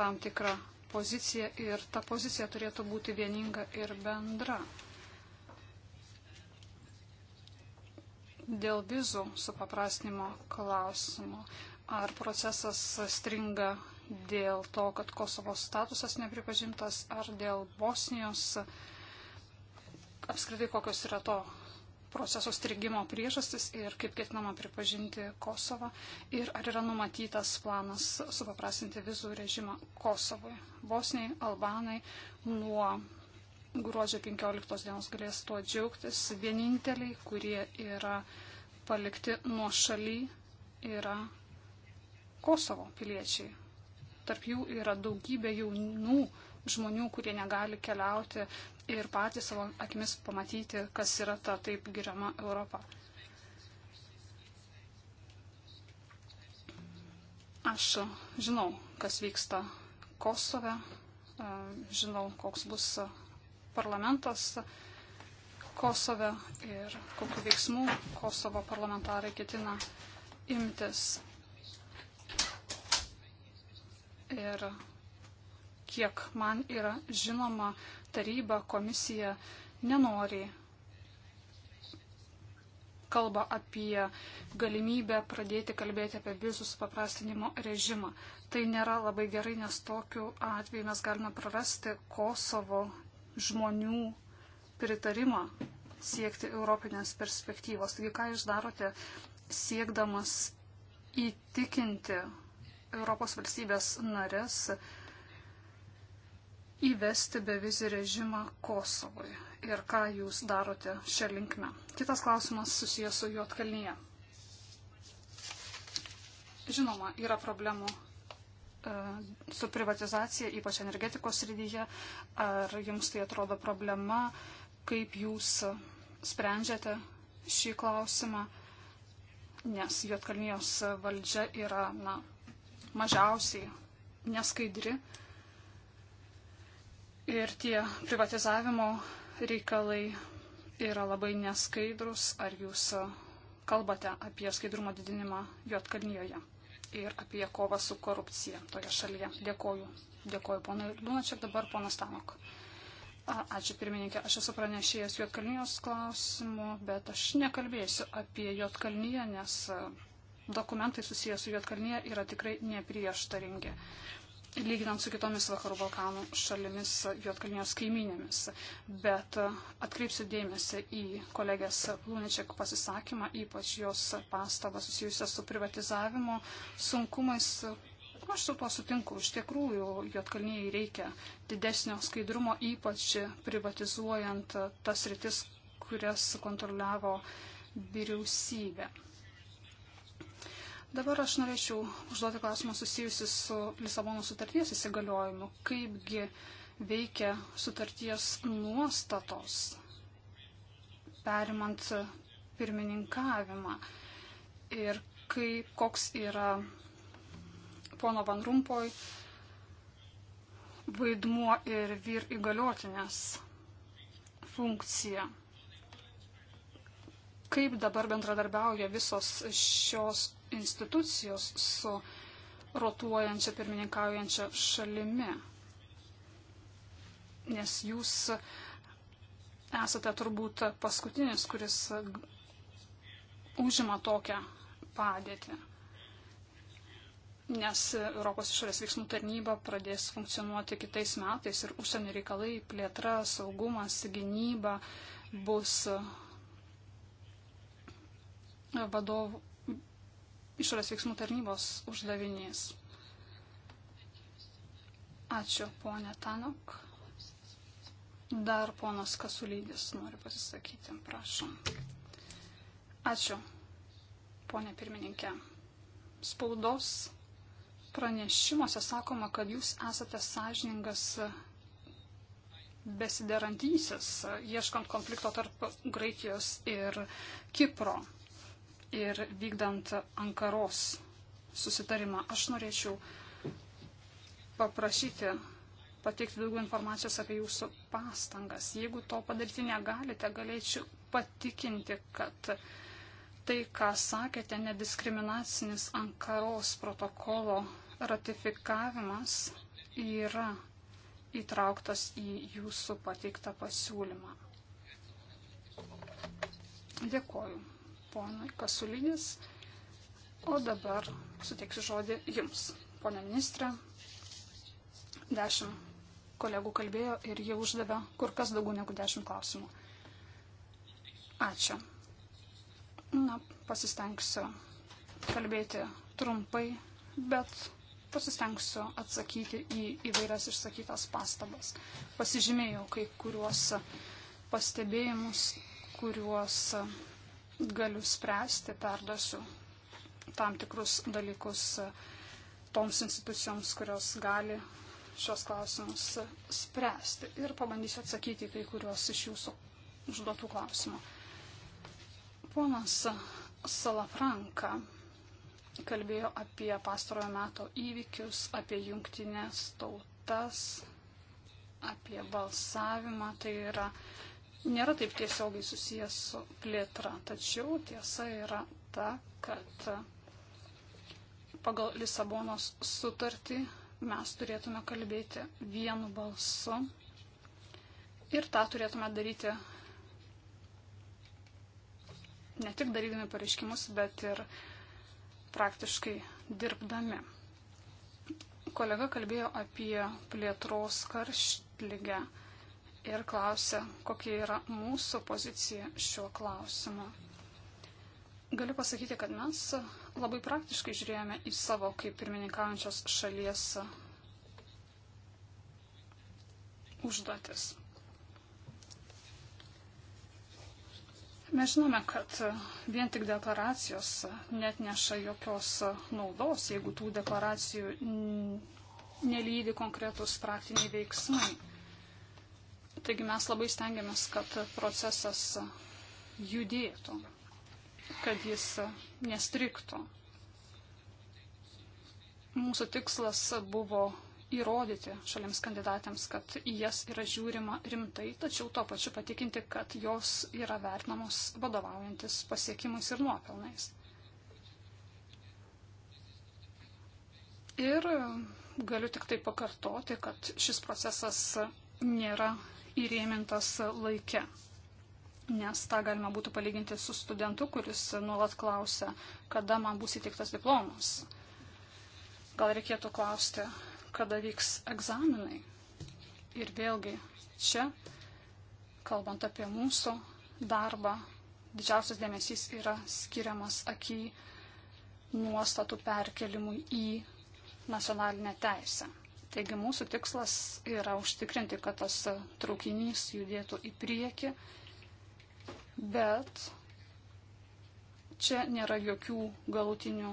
tam tikrą poziciją ir ta pozicija turėtų būti vieninga ir bendra. Dėl vizų supaprastinimo klausimo, ar procesas stringa dėl to, kad Kosovo statusas nepripažintas, ar dėl Bosnijos, apskritai kokios yra to proceso strigimo priežastis ir kaip ketinama pripažinti Kosovą ir ar yra numatytas planas supaprastinti vizų režimą Kosovui. Bosniai, Albanai nuo gruodžio 15 dienos galės tuo džiaugtis. Vieninteliai, kurie yra palikti nuo šaly, yra Kosovo piliečiai. Tarp jų yra daugybė jaunų žmonių, kurie negali keliauti, ir patys savo akimis pamatyti, kas yra ta taip giriama Europa. Aš žinau, kas vyksta Kosove, e, žinau, koks bus parlamentas Kosove ir kokiu veiksmu Kosovo parlamentarai ketina imtis. Ir kiek man yra žinoma, taryba, komisija nenori kalba apie galimybę pradėti kalbėti apie vizų supaprastinimo režimą. Tai nėra labai gerai, nes tokiu atveju mes galime prarasti Kosovo žmonių pritarimą siekti europinės perspektyvos. Taigi, ką jūs darote siekdamas įtikinti Europos valstybės narės įvesti bevizį režimą Kosovui ir ką jūs darote šią linkmę. Kitas klausimas susijęs su Juotkalnyje. Žinoma, yra problemų e, su privatizacija, ypač energetikos srityje. Ar jums tai atrodo problema, kaip jūs sprendžiate šį klausimą, nes Juotkalnyjos valdžia yra na, mažiausiai neskaidri. E, ir tie privatizavimo reikalai yra labai neskaidrus. Ar jūs kalbate apie skaidrumo didinimą Jotkalnyjoje ir apie kovą su korupcija toje šalyje? Dėkoju. Dėkoju, ponai Lunačiak, dabar ponas Tanok. Ačiū pirmininkė, aš esu pranešėjęs Jotkalnyjos klausimu, bet aš nekalbėsiu apie Jotkalnyją, nes dokumentai susijęs su Jotkalnyje yra tikrai neprieštaringi lyginant su kitomis Vakarų Balkanų šalimis, Juotkalnijos kaiminėmis. Bet e, atkreipsiu dėmesį į kolegės Lūnečiak pasisakymą, ypač jos pastabą susijusią su privatizavimo sunkumais. Aš su tuo sutinku. Iš tikrųjų, Juotkalnijai reikia didesnio skaidrumo, ypač privatizuojant tas rytis, kurias kontroliavo vyriausybė. Dabar aš norėčiau užduoti klausimą susijusi su Lisabono sutarties įsigaliojimu. Kaipgi veikia sutarties nuostatos, perimant pirmininkavimą ir kaip, koks yra pono Van Rumpoj vaidmuo ir vyr įgaliotinės funkcija kaip dabar bendradarbiauja visos šios institucijos su rotuojančia pirmininkaujančia šalimi. Nes jūs esate turbūt paskutinis, kuris užima tokią padėtį. Nes Europos išorės veiksmų tarnyba pradės funkcionuoti kitais metais ir užsienio reikalai, plėtra, saugumas, gynyba bus vadovų išorės veiksmų tarnybos uždavinys. Ačiū, ponė Tanok. Dar ponas Kasulydis nori pasisakyti, prašom. Ačiū, ponė pirmininkė. Spaudos pranešimuose sakoma, kad jūs esate sąžiningas besiderantysis, ieškant konflikto tarp Graikijos ir Kipro ir vykdant Ankaros susitarimą. Aš norėčiau paprašyti pateikti daugiau informacijos apie jūsų pastangas. Jeigu to padaryti negalite, galėčiau patikinti, kad tai, ką sakėte, nediskriminacinis Ankaros protokolo ratifikavimas yra įtrauktas į jūsų pateiktą pasiūlymą. Dėkoju ponui Kasulinis. O dabar suteiksiu žodį jums, ponė ministrė. Dešimt kolegų kalbėjo ir jie uždavė kur kas daugiau negu dešimt klausimų. Ačiū. Na, pasistengsiu kalbėti trumpai, bet pasistengsiu atsakyti į įvairias išsakytas pastabas. Pasižymėjau kai kuriuos pastebėjimus, kuriuos galiu spręsti, perdosiu tam tikrus dalykus e, toms institucijoms, kurios gali šios klausimus e, spręsti. Ir pabandysiu atsakyti kai kuriuos iš jūsų užduotų klausimų. Ponas Salafranka kalbėjo apie pastarojo meto įvykius, apie jungtinės tautas, apie balsavimą. Tai yra uh, nėra taip tiesiogiai susijęs su plėtra. Tačiau tiesa yra ta, kad pagal Lisabonos sutartį mes turėtume kalbėti vienu balsu ir tą turėtume daryti ne tik darydami pareiškimus, bet ir praktiškai dirbdami. Kolega kalbėjo apie plėtros karštlygę ir klausė, kokia yra mūsų pozicija šiuo klausimu. Galiu pasakyti, kad mes labai praktiškai žiūrėjome į savo kaip pirmininkaujančios šalies užduotis. Mes žinome, kad vien tik deklaracijos net neša jokios naudos, jeigu tų deklaracijų nelydi konkretus praktiniai veiksmai. Taigi mes labai stengiamės, kad procesas judėtų, kad jis nestriktų. Mūsų tikslas buvo įrodyti šalims kandidatėms, kad į jas yra žiūrima rimtai, tačiau tuo pačiu patikinti, kad jos yra vertinamos vadovaujantis pasiekimais ir nuopelnais. Ir galiu tik tai pakartoti, kad šis procesas nėra įrėmintas laike. Nes tą galima būtų palyginti su studentu, kuris nuolat klausia, kada man bus įteiktas diplomas. Gal reikėtų klausti, kada vyks egzaminai. Ir vėlgi čia, kalbant apie mūsų darbą, didžiausias dėmesys yra skiriamas aky nuostatų perkelimui į nacionalinę teisę. Taigi mūsų tikslas yra užtikrinti, kad tas traukinys judėtų į priekį, bet čia nėra jokių galutinių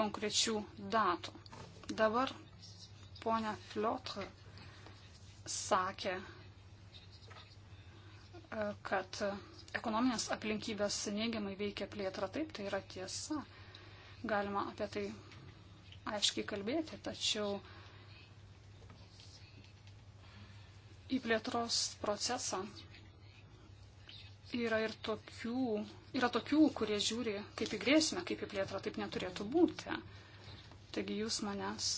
konkrečių datų. Dabar ponia Fliotra sakė, kad ekonominės aplinkybės neigiamai veikia plėtrą. Taip, tai yra tiesa. Galima apie tai aiškiai kalbėti, tačiau į plėtros procesą. Yra ir tokių, yra tokių, kurie žiūri kaip į grėsmę, kaip į plėtrą, taip neturėtų būti. Taigi jūs manęs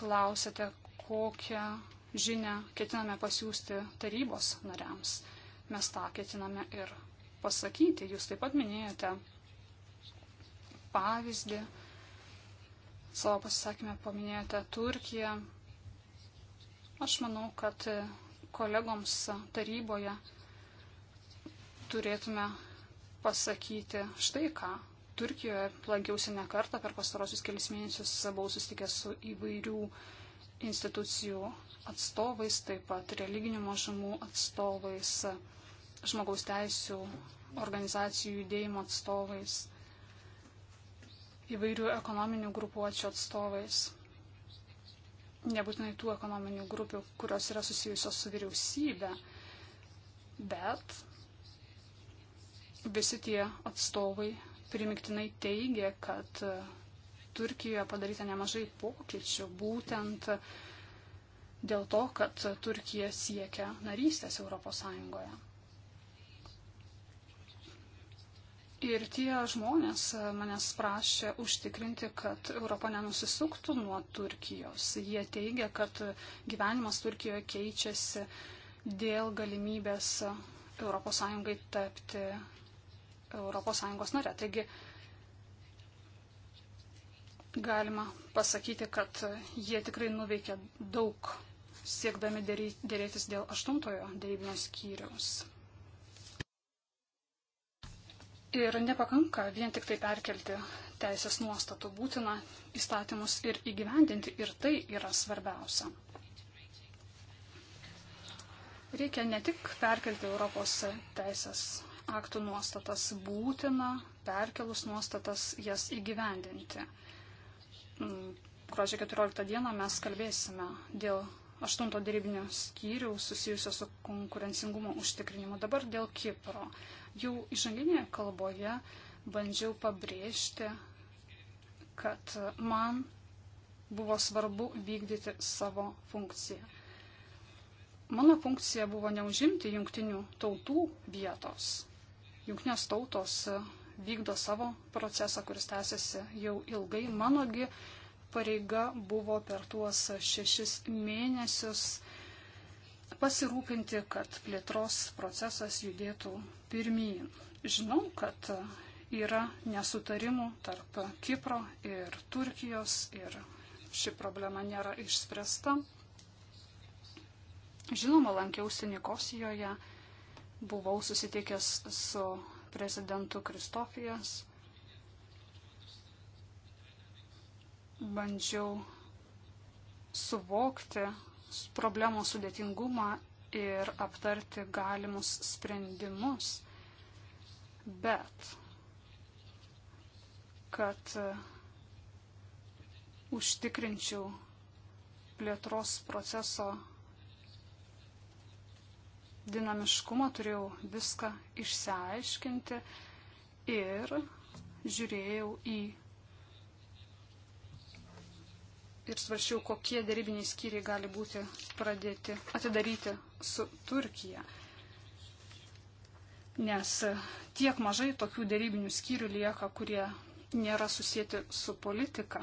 klausėte, kokią žinę ketiname pasiūsti tarybos nariams. Mes tą ketiname ir pasakyti. Jūs taip pat minėjote pavyzdį, savo pasisakymę paminėjote Turkiją, Aš manau, kad kolegoms taryboje turėtume pasakyti štai ką. Turkijoje lankiausi ne kartą, per pastarosius kelias mėnesius buvau susitikęs su įvairių institucijų atstovais, taip pat religinių mažumų atstovais, žmogaus teisų organizacijų judėjimo atstovais, įvairių ekonominių grupuočių atstovais nebūtinai tų ekonominių grupių, kurios yra susijusios su vyriausybė, bet visi tie atstovai primiktinai teigia, kad e, Turkijoje padaryta nemažai pokyčių būtent dėl to, kad Turkija siekia narystės Europos Sąjungoje. Ir tie žmonės e, manęs prašė užtikrinti, kad Europa nenusisuktų nuo Turkijos. Jie teigia, kad gyvenimas Turkijoje keičiasi dėl galimybės ES tapti ES nare. Taigi galima pasakyti, kad jie tikrai nuveikė daug siekdami dėrėtis dėl aštuntojo dėrybinio skyriaus. Ir nepakanka vien tik tai perkelti teisės nuostatų, būtina įstatymus ir įgyvendinti, ir tai yra svarbiausia. Reikia ne tik perkelti Europos teisės aktų nuostatas, būtina perkelus nuostatas jas įgyvendinti. Mm, gruodžio 14 dieną mes kalbėsime dėl 8 dėrybinio skyrių susijusio su konkurencingumo užtikrinimu dabar dėl Kipro. Jau išanginėje kalboje bandžiau pabrėžti, kad man buvo svarbu vykdyti savo funkciją. Mano funkcija buvo neužimti jungtinių tautų vietos. Jungtinės tautos vykdo savo procesą, kuris tęsiasi jau ilgai. Manogi pareiga buvo per tuos šešis mėnesius pasirūpinti, kad plėtros procesas judėtų pirmyn. Žinau, kad yra nesutarimų tarp Kipro ir Turkijos ir ši problema nėra išspręsta. Žinoma, lankiausi Nikosijoje, buvau susitikęs su prezidentu Kristofijas, bandžiau suvokti, problemos sudėtingumą ir aptarti galimus sprendimus, bet kad e, užtikrinčiau plėtros proceso dinamiškumą, turėjau viską išsiaiškinti ir žiūrėjau į ir svaršiau, kokie dėrybiniai skyriai gali būti pradėti atidaryti su Turkija. Nes tiek mažai tokių dėrybinių skyrių lieka, kurie nėra susijęti su politika.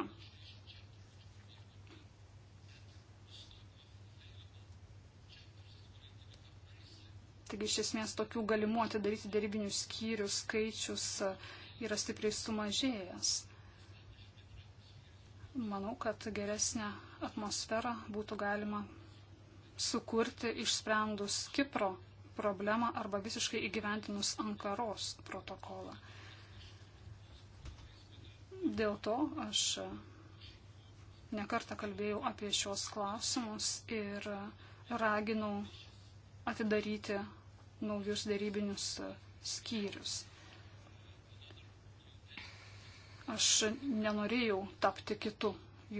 Taigi iš esmės tokių galimų atidaryti dėrybinių skyrių skaičius yra stipriai sumažėjęs. Manau, kad geresnę atmosferą būtų galima sukurti išsprendus Kipro problemą arba visiškai įgyventinus Ankaros protokolą. Dėl to aš nekartą kalbėjau apie šios klausimus ir raginau atidaryti naujus dėrybinius skyrius. Aš nenorėjau tapti kitų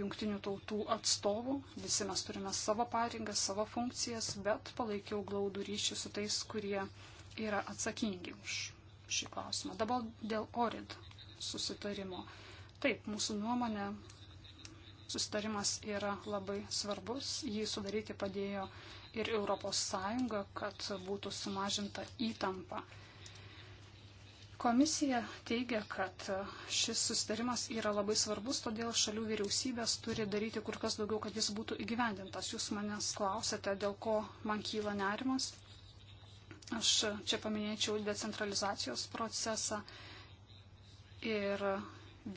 jungtinių tautų atstovų. Visi mes turime savo pareigas, savo funkcijas, bet palaikiau glaudų ryšį su tais, kurie yra atsakingi už šį klausimą. Dabar dėl ORID susitarimo. Taip, mūsų nuomonė susitarimas yra labai svarbus. Jį sudaryti padėjo ir ES, kad būtų sumažinta įtampa Komisija teigia, kad šis sustarimas yra labai svarbus, todėl šalių vyriausybės turi daryti kur kas daugiau, kad jis būtų įgyvendintas. Jūs manęs klausėte, dėl ko man kyla nerimas. Aš čia paminėčiau decentralizacijos procesą ir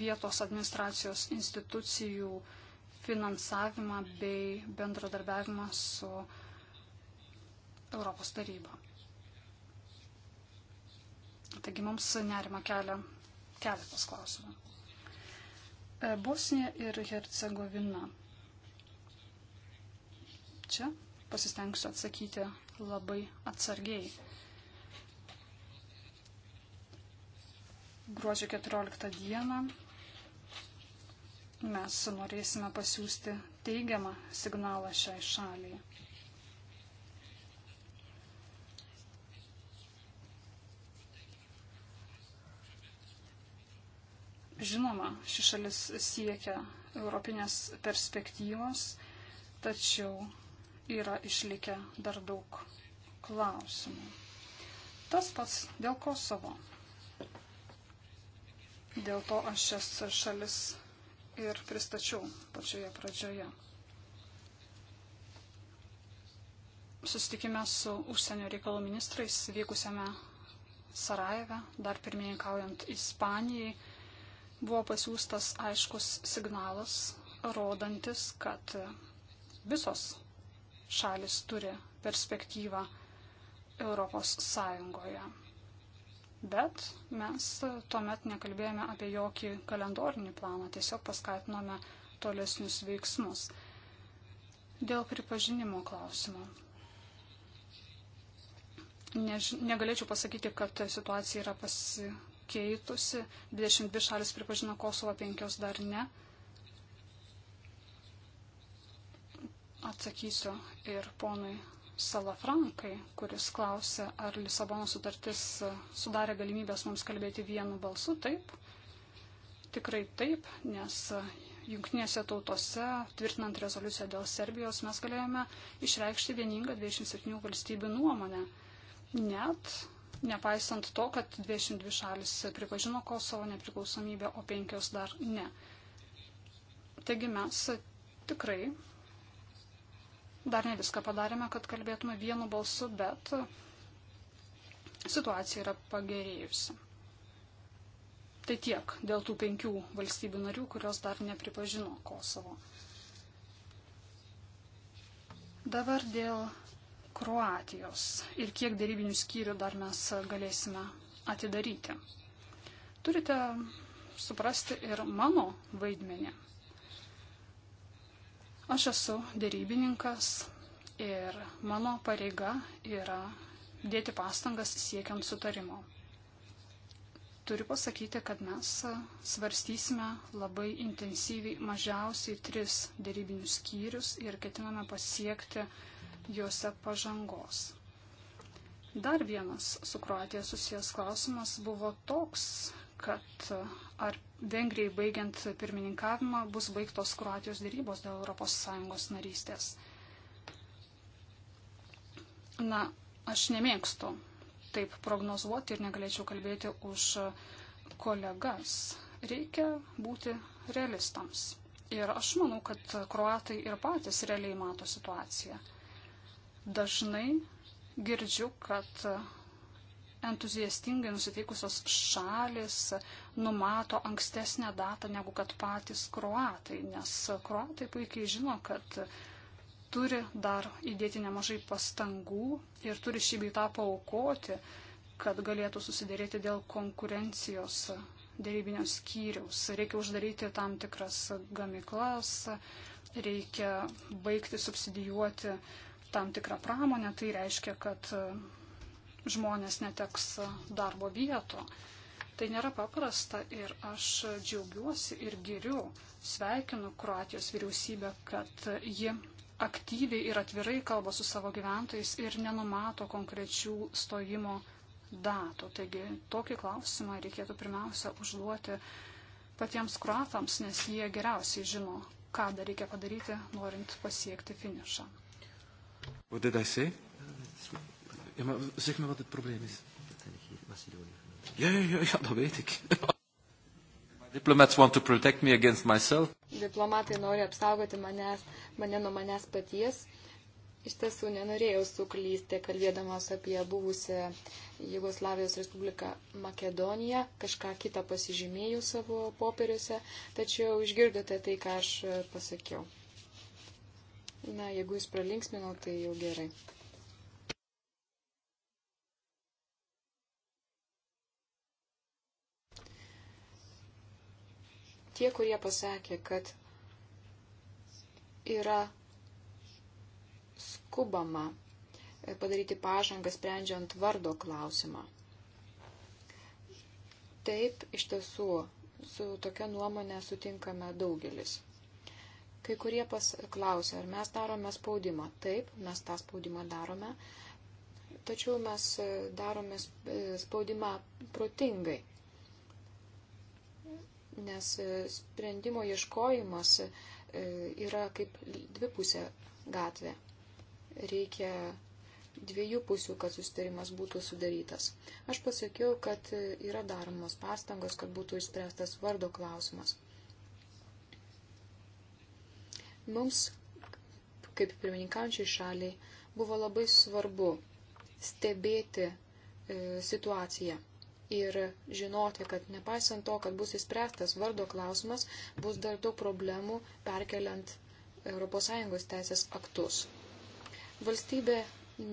vietos administracijos institucijų finansavimą bei bendradarbiavimą su Europos taryba. Taigi mums nerima kelia keletas klausimų. E, Bosnija ir Hercegovina. Čia pasistengsiu atsakyti labai atsargiai. Gruodžio 14 dieną mes norėsime pasiūsti teigiamą signalą šiai šaliai. Žinoma, ši šalis siekia europinės perspektyvos, tačiau yra išlikę dar daug klausimų. Tas pats dėl Kosovo. Dėl to aš šias šalis ir pristačiau pačioje pradžioje. Susitikime su užsienio reikalų ministrais vykusiame Sarajeve, dar pirmininkaujant Ispanijai, buvo pasiūstas aiškus signalas, rodantis, kad visos šalis turi perspektyvą Europos Sąjungoje. Bet mes tuomet nekalbėjome apie jokį kalendorinį planą, tiesiog paskatinome tolesnius veiksmus. Dėl pripažinimo klausimo. Než, negalėčiau pasakyti, kad situacija yra pasi, pasikeitusi. 22 šalis pripažino Kosovą, 5 dar ne. Atsakysiu ir ponui Salafrankai, kuris klausė, ar Lisabono sutartis sudarė galimybės mums kalbėti vienu balsu. Taip, tikrai taip, nes jungtinėse tautose, tvirtinant rezoliuciją dėl Serbijos, mes galėjome išreikšti vieningą 27 valstybių nuomonę. Net nepaisant to, kad 22 šalis pripažino Kosovo nepriklausomybę, o penkios dar ne. Taigi mes tikrai dar ne viską padarėme, kad kalbėtume vienu balsu, bet situacija yra pagerėjusi. Tai tiek dėl tų penkių valstybių narių, kurios dar nepripažino Kosovo. Dabar dėl Kroatijos ir kiek dėrybinių skyrių dar mes galėsime atidaryti. Turite suprasti ir mano vaidmenį. Aš esu dėrybininkas ir mano pareiga yra dėti pastangas siekiant sutarimo. Turiu pasakyti, kad mes svarstysime labai intensyviai mažiausiai tris dėrybinius skyrius ir ketiname pasiekti uh, juose pažangos. Dar vienas su Kroatija susijęs klausimas buvo toks, kad ar Vengrijai baigiant pirmininkavimą bus baigtos Kroatijos dėrybos dėl ES narystės. Na, aš nemėgstu taip prognozuoti ir negalėčiau kalbėti už kolegas. Reikia būti realistams. Ir aš manau, kad kroatai ir patys realiai mato situaciją. Dažnai girdžiu, kad entuziastingai nusiteikusios šalis numato ankstesnę datą negu kad patys kroatai, nes kroatai puikiai žino, kad turi dar įdėti nemažai pastangų ir turi šį beitą paukoti, kad galėtų susidėrėti dėl konkurencijos dėrybinio skyriaus. Reikia uždaryti tam tikras gamiklas, reikia baigti subsidijuoti uh, tam tikrą pramonę, tai reiškia, kad e, žmonės neteks e, darbo vietų. Tai nėra paprasta ir aš džiaugiuosi ir giriu, sveikinu Kroatijos vyriausybę, kad e, ji aktyviai ir atvirai kalba su savo gyventojais ir nenumato konkrečių stojimo datų. Taigi tokį klausimą reikėtų pirmiausia užduoti patiems kruatams, nes jie geriausiai žino, ką dar reikia padaryti, norint pasiekti finišą. What did I say? Ja, maar zeg me wat het probleem is. Ja, ja, ja, ja dat weet ik. Diplomats want to protect me against myself. Diplomatai nori apsaugoti manęs, mane nuo manęs paties. Iš tiesų nenorėjau suklysti, kalbėdamas apie buvusią Jugoslavijos Respubliką Makedoniją, kažką kitą pasižymėjau savo popieriuose, tačiau išgirdote tai, ką aš pasakiau. Na, jeigu jis pralinksmino, tai jau gerai. Tie, kurie pasakė, kad yra skubama padaryti pažangą sprendžiant vardo klausimą. Taip, iš tiesų, su tokia nuomonė sutinkame daugelis. Kai kurie klausia, ar mes darome spaudimą. Taip, mes tą spaudimą darome, tačiau mes e, darome e, spaudimą protingai, nes e, sprendimo ieškojimas yra kaip dvipusė gatvė. Reikia dviejų pusių, kad sustarimas būtų sudarytas. Aš pasakiau, kad yra daromos pastangos, kad būtų išspręstas vardo klausimas. Mums, kaip pirmininkaujančiai šaliai, buvo labai svarbu stebėti e, situaciją ir žinoti, kad nepaisant to, kad bus įspręstas vardo klausimas, bus dar daug problemų perkeliant ES teisės aktus. Valstybė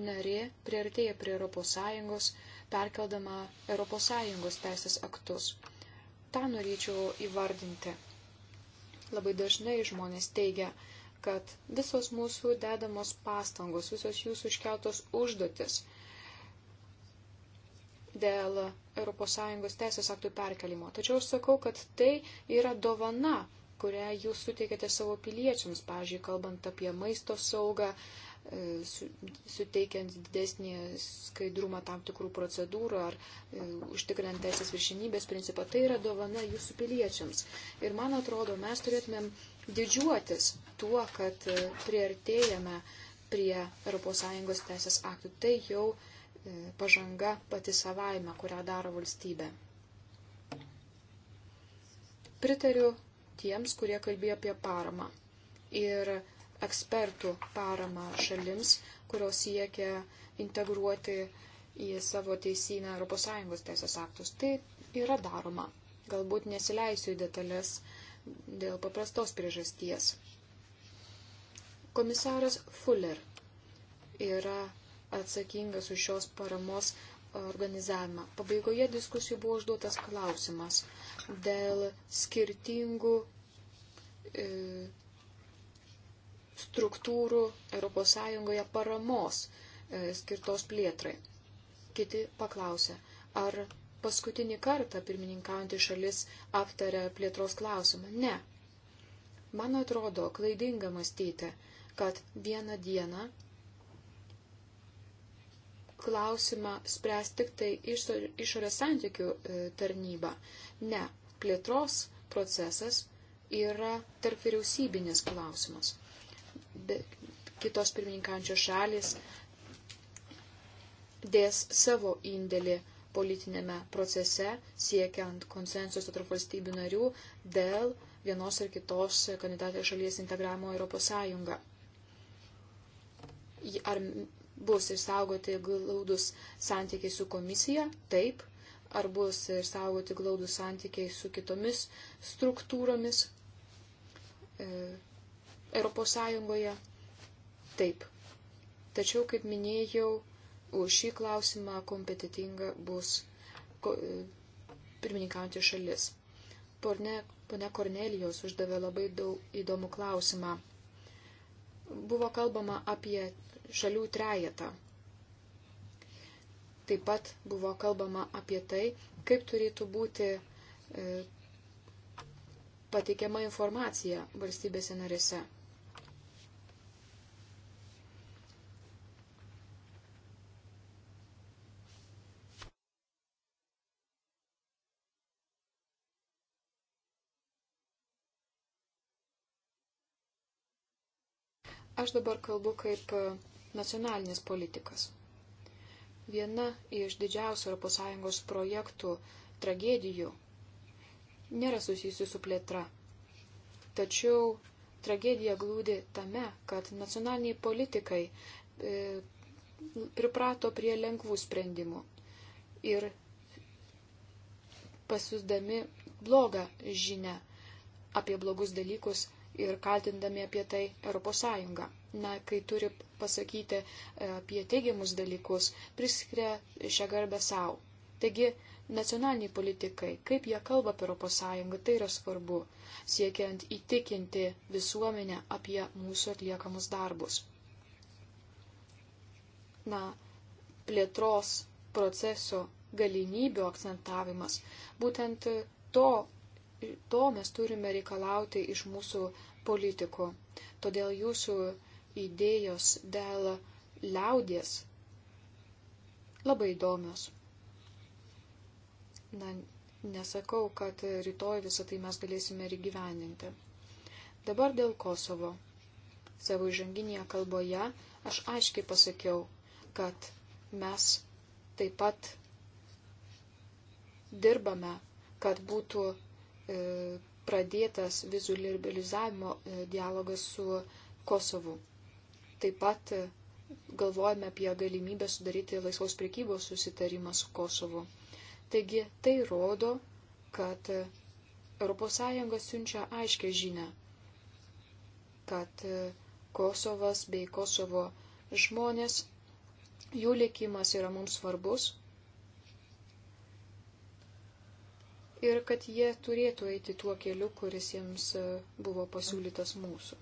narė priartėja prie ES, perkeldama ES teisės aktus. Ta norėčiau įvardinti. Labai dažnai žmonės teigia, kad visos mūsų dedamos pastangos, visos jūsų iškeltos užduotis dėl ES teisės aktų perkelimo. Tačiau aš sakau, kad tai yra dovana, kurią jūs suteikėte savo piliečiams, pažiūrėjau, kalbant apie maisto saugą, E, suteikiant didesnį skaidrumą tam tikrų procedūrų ar e, užtikrinant teisės viršinybės principą. Tai yra dovana jūsų piliečiams. Ir man atrodo, mes turėtumėm didžiuotis tuo, kad e, priartėjame prie ES teisės aktų. Tai jau pažanga pati savaime, kurią daro valstybė. Pritariu tiems, kurie kalbėjo apie paramą. Ir ekspertų paramą šalims, kurios siekia integruoti į savo teisinę ES teisės aktus. Tai yra daroma. Galbūt nesileisiu į detalės dėl paprastos priežasties. Komisaras Fuller yra atsakingas už šios paramos organizavimą. Pabaigoje diskusijų buvo užduotas klausimas dėl skirtingų e, struktūrų ES paramos e, skirtos plėtrai. Kiti paklausė, ar paskutinį kartą pirmininkaujantį šalis aptarė plėtros klausimą. Ne. Man atrodo klaidinga mąstyti, kad vieną dieną klausimą spręs tik tai išorės santykių e, tarnyba. Ne, plėtros procesas yra tarp vyriausybinis klausimas kitos pirmininkančios šalis dės savo indėlį politinėme procese, siekiant konsensuso tarp valstybių narių dėl vienos ar kitos kandidatės šalies integravimo Europos Sąjungą. Ar bus išsaugoti glaudus santykiai su komisija? Taip. Ar bus išsaugoti glaudus santykiai su kitomis struktūromis? E, ES? Taip. Tačiau, kaip minėjau, už šį klausimą kompetitinga bus e, pirmininkaujantį šalis. Porne, pone Kornelijos uždavė labai daug įdomų klausimą. Buvo kalbama apie šalių trejetą. Taip pat buvo kalbama apie tai, kaip turėtų būti e, pateikiama informacija valstybėse narėse. Aš dabar kalbu kaip e, nacionalinis politikas. Viena iš didžiausių ES projektų tragedijų nėra susijusi su plėtra. Tačiau tragedija glūdi tame, kad nacionaliniai politikai e, priprato prie lengvų sprendimų ir pasiūsdami blogą žinę apie blogus dalykus ir kaltindami apie tai ES. Na, kai turi pasakyti e, apie teigiamus dalykus, priskiria šią garbę savo. Taigi, nacionaliniai politikai, kaip jie kalba apie ES, tai yra svarbu, siekiant įtikinti visuomenę apie mūsų atliekamus darbus. Na, plėtros proceso galimybių akcentavimas, būtent to to mes turime reikalauti iš mūsų politikų. Todėl jūsų idėjos dėl liaudies labai įdomios. Na, nesakau, kad rytoj visą tai mes galėsime ir gyveninti. Dabar dėl Kosovo. Savo įžanginėje kalboje aš aiškiai pasakiau, kad mes taip pat dirbame, kad būtų E, pradėtas vizų liberalizavimo e, dialogas su Kosovu. Taip pat e, galvojame apie galimybę sudaryti laisvos priekybos susitarimą su Kosovu. Taigi tai rodo, kad ES siunčia aiškę žinę, kad Kosovas bei Kosovo žmonės, jų likimas yra mums svarbus ir kad jie turėtų eiti tuo keliu, kuris jiems e, buvo pasiūlytas mūsų.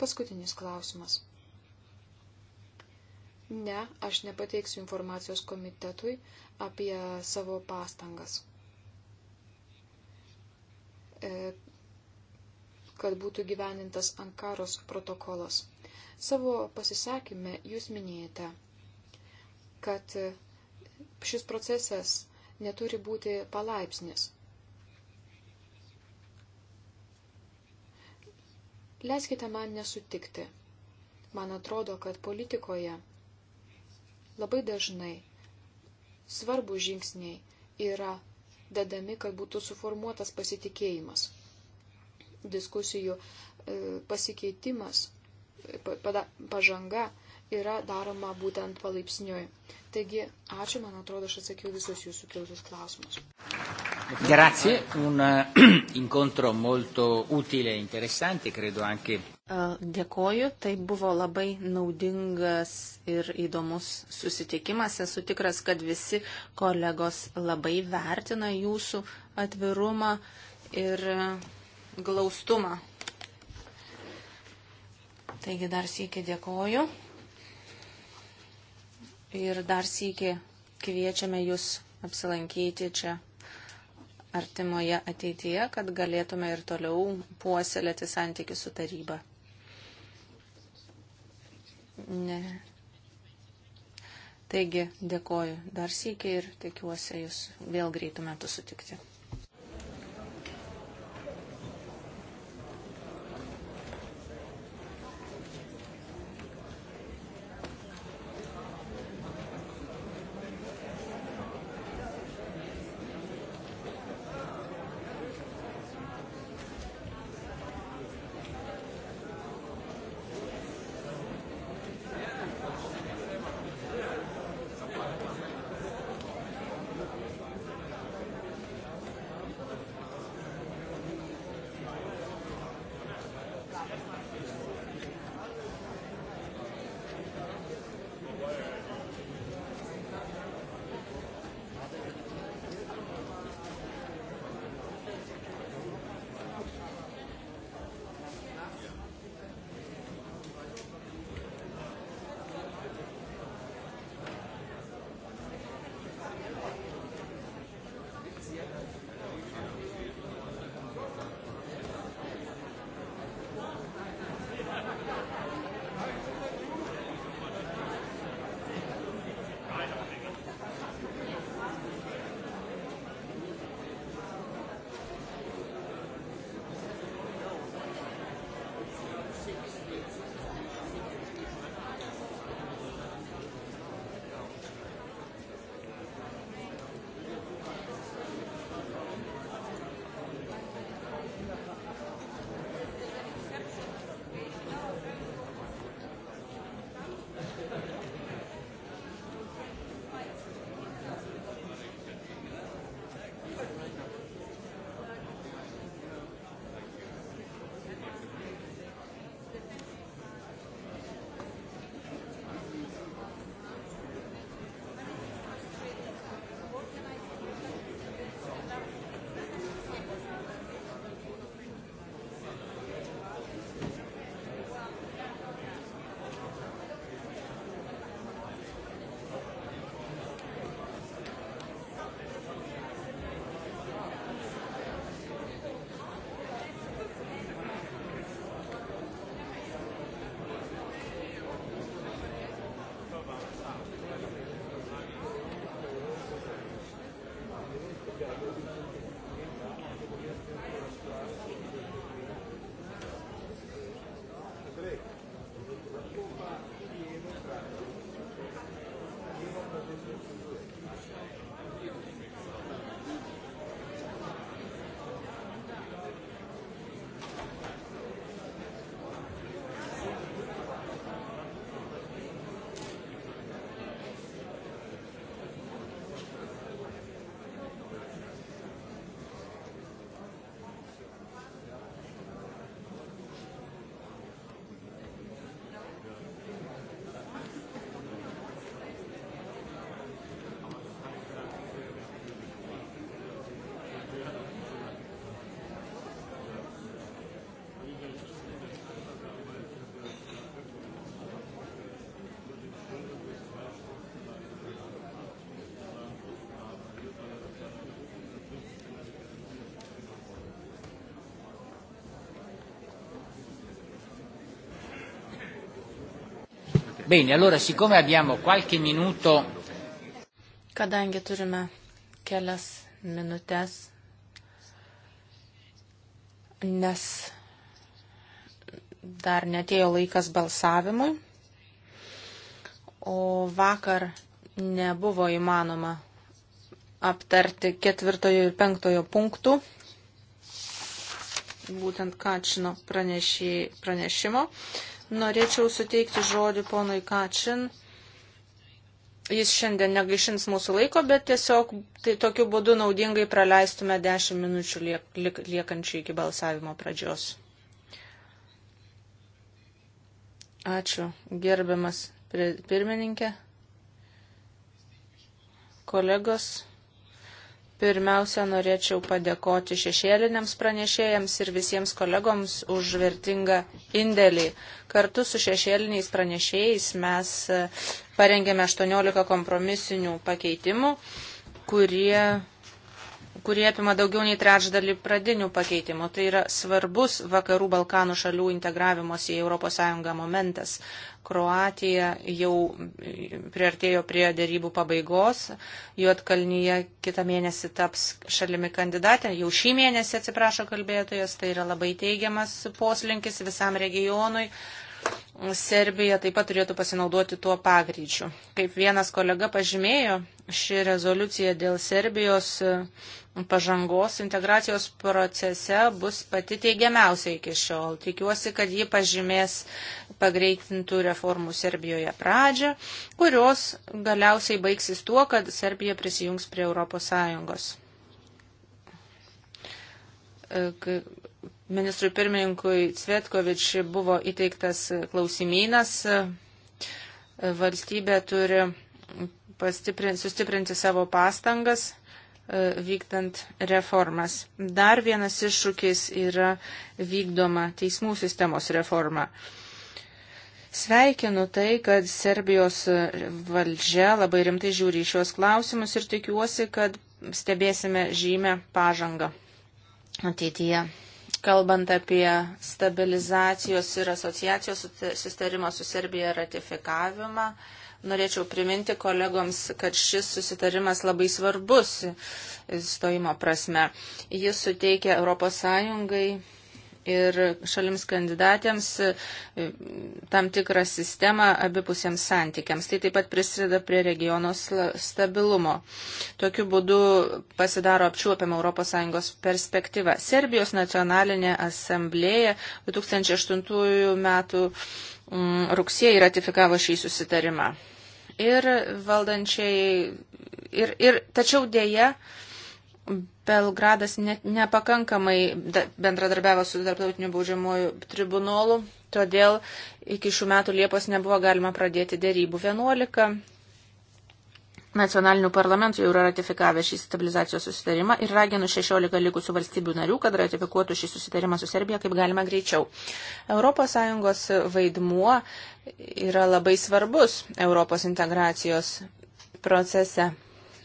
Paskutinis klausimas. Ne, aš nepateiksiu informacijos komitetui apie savo pastangas, e, kad būtų gyvenintas Ankaros protokolas. Savo pasisakymę jūs minėjate, kad šis procesas neturi būti palaipsnis. Leiskite man nesutikti. Man atrodo, kad politikoje labai dažnai svarbų žingsniai yra dedami, kad būtų suformuotas pasitikėjimas. Diskusijų e, pasikeitimas, pažanga yra daroma būtent palaipsniui. Taigi, ačiū, man atrodo, aš atsakiau visus jūsų kiltus klausimus. Grazie, un eh, (clears throat) incontro molto utile e interessante, credo anche. Dėkoju, tai buvo labai naudingas ir įdomus susitikimas. Esu tikras, kad visi kolegos labai vertina jūsų atvirumą ir glaustumą. Taigi dar sėki dėkoju. Ir dar sėki kviečiame jūs apsilankyti čia artimoje ateityje, kad galėtume ir toliau puoselėti santykių su taryba. Ne. Taigi, dėkoju dar sėkiai ir tikiuosi jūs vėl greitų metų sutikti. Bene, allora siccome abbiamo qualche minuto. Kadangi turime kelias minutės, nes dar netėjo laikas balsavimui, o vakar nebuvo įmanoma aptarti ketvirtojo ir penktojo punktų, būtent Kačino pranešimo. Norėčiau suteikti žodį ponui Kačin. Jis šiandien negaišins mūsų laiko, bet tiesiog tai tokiu būdu naudingai praleistume 10 minučių liek, liek, liekančių iki balsavimo pradžios. Ačiū, gerbiamas pirmininkė, kolegos. Pirmiausia, norėčiau padėkoti šešėliniams pranešėjams ir visiems kolegoms už vertingą indėlį. Kartu su šešėliniais pranešėjais mes e, parengėme 18 kompromisinių pakeitimų, kurie kurie apima daugiau nei trečdalį pradinių pakeitimų. Tai yra svarbus vakarų Balkanų šalių integravimosi į ES momentas. Kroatija jau priartėjo prie dėrybų pabaigos, Juotkalnyje kitą mėnesį taps šalimi kandidatė, jau šį mėnesį atsiprašo kalbėtojas, tai yra labai teigiamas poslinkis visam regionui. Serbija taip pat turėtų pasinaudoti tuo pagreičiu. Kaip vienas kolega pažymėjo, ši rezoliucija dėl Serbijos pažangos integracijos procese bus pati teigiamiausia iki šiol. Tikiuosi, kad ji pažymės pagreitintų reformų Serbijoje pradžią, kurios galiausiai baigsis tuo, kad Serbija prisijungs prie ES. E, ministrui pirmininkui Cvetkovič buvo įteiktas klausimynas. E, valstybė turi sustiprinti savo pastangas E, vykdant reformas. Dar vienas iššūkis yra vykdoma teismų sistemos reforma. Sveikinu tai, kad Serbijos valdžia labai rimtai žiūri į šios klausimus ir tikiuosi, kad stebėsime žymę pažangą ateityje. Kalbant apie stabilizacijos ir asociacijos sustarimo su Serbija ratifikavimą, uh, Norėčiau priminti kolegoms, kad šis susitarimas labai svarbus stojimo prasme. Jis suteikia ES ir šalims kandidatėms e, tam tikrą sistemą abipusiems santykiams. Tai taip pat prisideda prie regiono stabilumo. Tokiu būdu pasidaro apčiuopiama ES perspektyva. Serbijos nacionalinė asamblėja 2008 metų Mm, rugsėjai ratifikavo šį susitarimą. Ir valdančiai, ir, ir tačiau dėja, Belgradas ne, nepakankamai bendradarbiavo su tarptautiniu baudžiamuoju tribunolu, todėl iki šių metų Liepos nebuvo galima pradėti dėrybų. 11 nacionalinių parlamentų jau yra ratifikavę šį stabilizacijos susitarimą ir raginu 16 likusių valstybių narių, kad ratifikuotų šį susitarimą su Serbija kaip galima greičiau. ES vaidmuo yra labai svarbus Europos integracijos procese.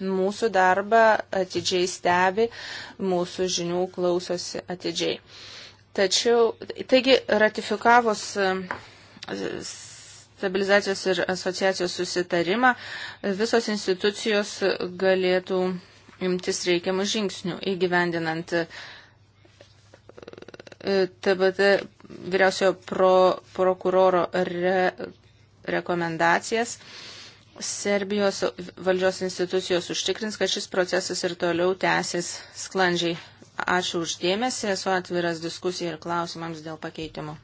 Mūsų darbą atidžiai stebi, mūsų žinių klausosi atidžiai. Tačiau, taigi, ratifikavus stabilizacijos ir asociacijos susitarimą, visos institucijos galėtų imtis reikiamų žingsnių įgyvendinant TBT e, vyriausiojo pro, prokuroro re, rekomendacijas. Serbijos valdžios institucijos užtikrins, kad šis procesas ir toliau tęsis sklandžiai. Ačiū uždėmesi, esu atviras diskusijai ir klausimams dėl pakeitimo.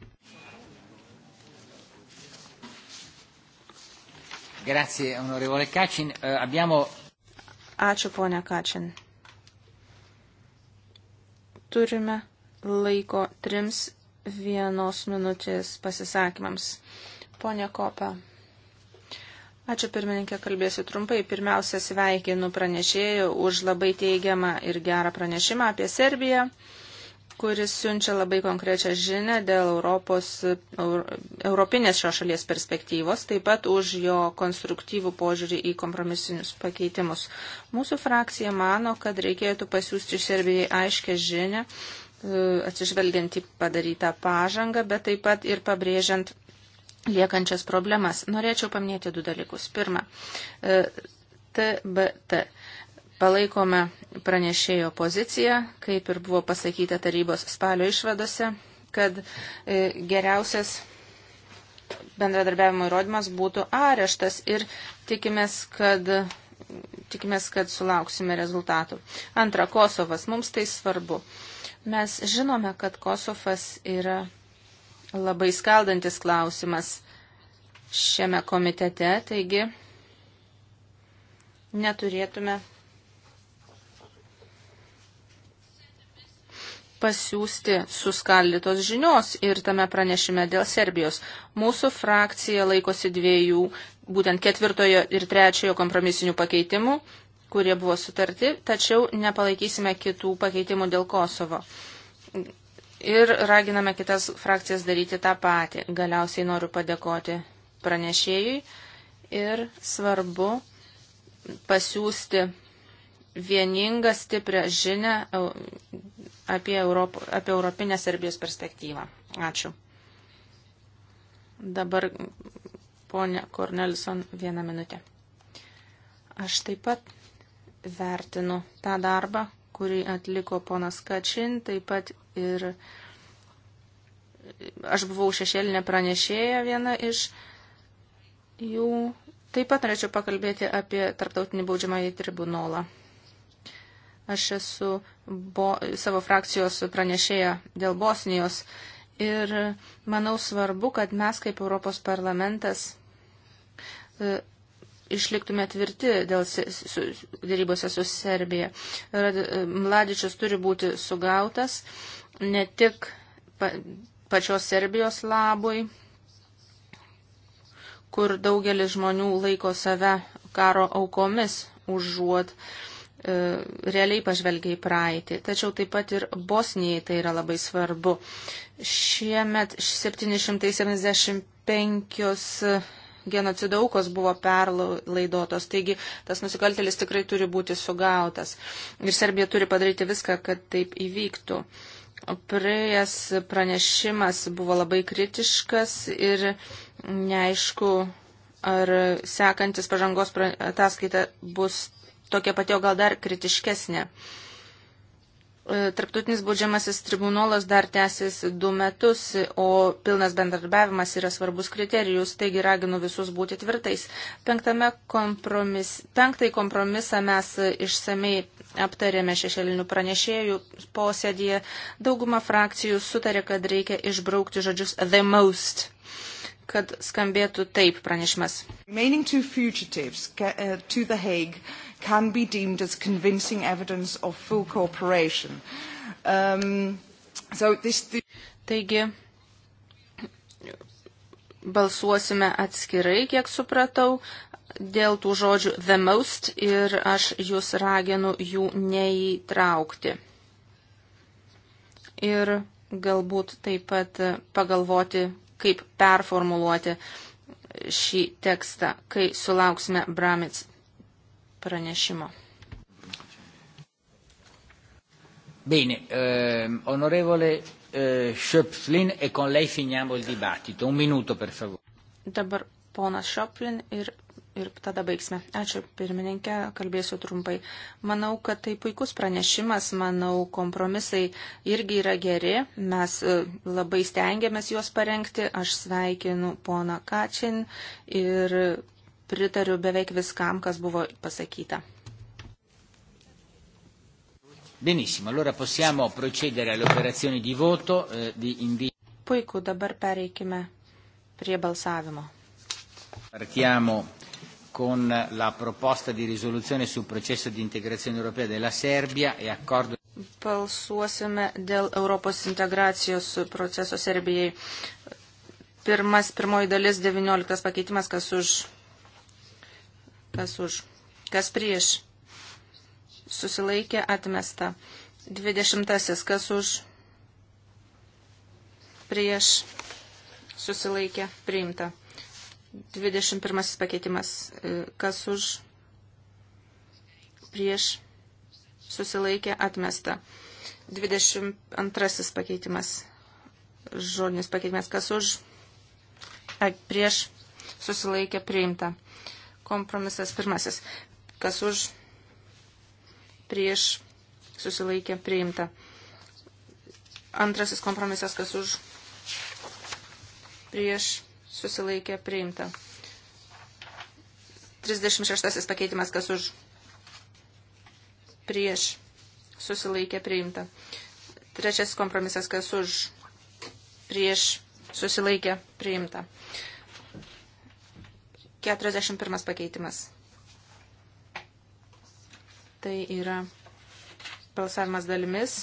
Grazie, onorevole Kacin. Eh, abbiamo... Ačiū, ponia Kacin. Turime laiko trims vienos minutės pasisakymams. Pone Kopa. Ačiū pirmininkė, kalbėsiu trumpai. Pirmiausia, sveikinu pranešėjų už labai teigiamą ir gerą pranešimą apie Serbiją kuris siunčia labai konkrečią žinę dėl Europos, europinės šios šalies perspektyvos, taip pat už jo konstruktyvų požiūrį į kompromisinius pakeitimus. Mūsų frakcija mano, kad reikėtų pasiūsti Serbijai aiškę žinę, e, atsižvelgiant į padarytą pažangą, bet taip pat ir pabrėžiant liekančias problemas. Norėčiau paminėti du dalykus. Pirma, TBT. E, Palaikome pranešėjo poziciją, kaip ir buvo pasakyta tarybos spalio išvadose, kad e, geriausias bendradarbiavimo įrodymas būtų areštas ir tikimės, kad tikimės, kad sulauksime rezultatų. Antra, Kosovas. Mums tai svarbu. Mes žinome, kad Kosovas yra labai skaldantis klausimas šiame komitete, taigi neturėtume pasiūsti suskaldytos žinios ir tame pranešime dėl Serbijos. Mūsų frakcija laikosi dviejų, būtent ketvirtojo ir trečiojo kompromisinių pakeitimų, kurie buvo sutarti, tačiau nepalaikysime kitų pakeitimų dėl Kosovo. Ir raginame kitas frakcijas daryti tą patį. Galiausiai noriu padėkoti pranešėjui ir svarbu pasiūsti vieningą stiprią žinę apie, Europo, apie Europinę Serbijos perspektyvą. Ačiū. Dabar ponė Kornelison vieną minutę. Aš taip pat vertinu tą darbą, kurį atliko ponas Kačin, taip pat ir aš buvau šešėlinė pranešėja viena iš jų. Taip pat norėčiau pakalbėti apie tarptautinį baudžiamąjį tribunolą. Aš esu bo, savo frakcijos pranešėja dėl Bosnijos ir manau svarbu, kad mes kaip Europos parlamentas e, išliktume tvirti dėl dėrybose su Serbija. E, Mladičius turi būti sugautas ne tik pa, pačios Serbijos labui, kur daugelis žmonių laiko save karo aukomis užuot. Už E, realiai pažvelgia į praeitį. Tačiau taip pat ir Bosnijai tai yra labai svarbu. Šiemet 775 genocido aukos buvo perlaidotos, taigi tas nusikaltėlis tikrai turi būti sugautas. Ir Serbija turi padaryti viską, kad taip įvyktų. Priejas pranešimas buvo labai kritiškas ir neaišku, ar sekantis pažangos ataskaita bus tokia pati, o gal dar kritiškesnė. E, tarptautinis baudžiamasis tribunolas dar tęsis du metus, o pilnas bendradarbiavimas yra svarbus kriterijus, taigi raginu visus būti tvirtais. Penktame kompromis, penktai kompromisą mes išsamei aptarėme šešėlinių pranešėjų posėdėje. Dauguma frakcijų sutarė, kad reikia išbraukti žodžius the most kad skambėtų taip pranešimas. Remaining two fugitives eh, to The Hague can be deemed as convincing evidence of full cooperation. Um, so this, this Taigi, balsuosime atskirai, kiek supratau, dėl tų žodžių the most ir aš jūs raginu jų neįtraukti. Ir galbūt taip pat pagalvoti, kaip performuluoti šį tekstą, kai sulauksime Bramits pranešimo. Bene, eh, onorevole eh, Schöpflin e con lei finiamo il dibattito. Un minuto, per favore. Dabar ponas Šoplin ir, ir tada baigsime. Ačiū, pirmininkė, kalbėsiu trumpai. Manau, kad tai puikus pranešimas, manau, kompromisai irgi yra geri, mes e, labai stengiamės juos parengti, aš sveikinu poną Kačin ir pritariu beveik viskam, kas buvo pasakyta. Benissimo, allora possiamo procedere alle operazioni di voto eh, di invito. Puiku, dabar pereikime prie balsavimo. Partiamo con la proposta di risoluzione sul processo di integrazione europea della Serbia e accordo. Balsuosime dėl Europos integracijos proceso Serbijai. Pirmas, pirmoji dalis, 19 pakeitimas, kas už Kas už? Kas prieš? Susilaikė atmesta. Dvidešimtasis. Kas už? Prieš? Susilaikė priimta. Dvidešimt pirmasis pakeitimas. E, Kas už? Prieš? Susilaikė atmesta. Dvidešimt antrasis pakeitimas. Žodinis pakeitimas. Kas už? E, prieš? Susilaikė priimta. Kompromisas pirmasis. Kas už prieš susilaikė priimta. Antrasis kompromisas, kas už prieš susilaikė priimta. 36 pakeitimas, kas už prieš susilaikė priimta. Trečiasis kompromisas, kas už prieš susilaikė priimta. 41 pakeitimas. Tai yra balsavimas dalimis.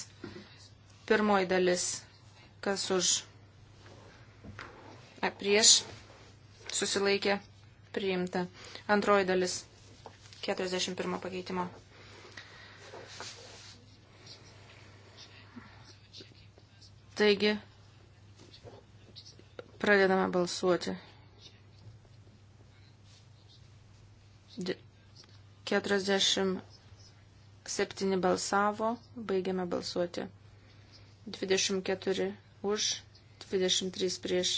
Pirmoji dalis, kas už A, prieš susilaikė priimta. Antroji dalis 41 pakeitimo. Taigi, pradedame balsuoti. 47 balsavo, baigiame balsuoti. 24 už, 23 prieš.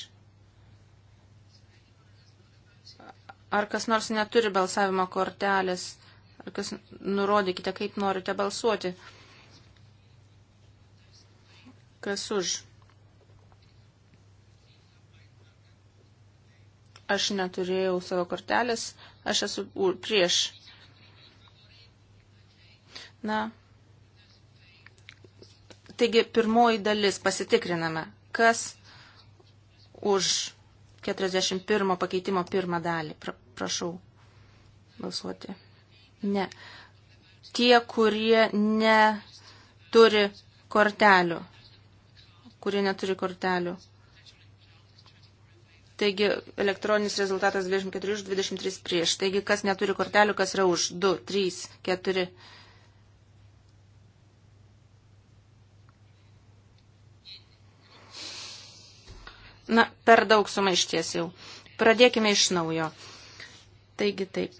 Ar kas nors neturi balsavimo kortelės? Ar kas nurodykite, kaip norite balsuoti? Kas už? Aš neturėjau savo kortelės. Aš esu prieš. Na. Taigi, pirmoji dalis pasitikriname, kas už 41 pakeitimo pirmą dalį. Pra, prašau balsuoti. Ne. Tie, kurie neturi kortelių. Kurie neturi kortelių. Taigi elektroninis rezultatas 24 už 23 prieš. Taigi kas neturi kortelių, kas yra už 2, 3, 4. Na, per daug sumaišties jau. Pradėkime iš naujo. Taigi taip.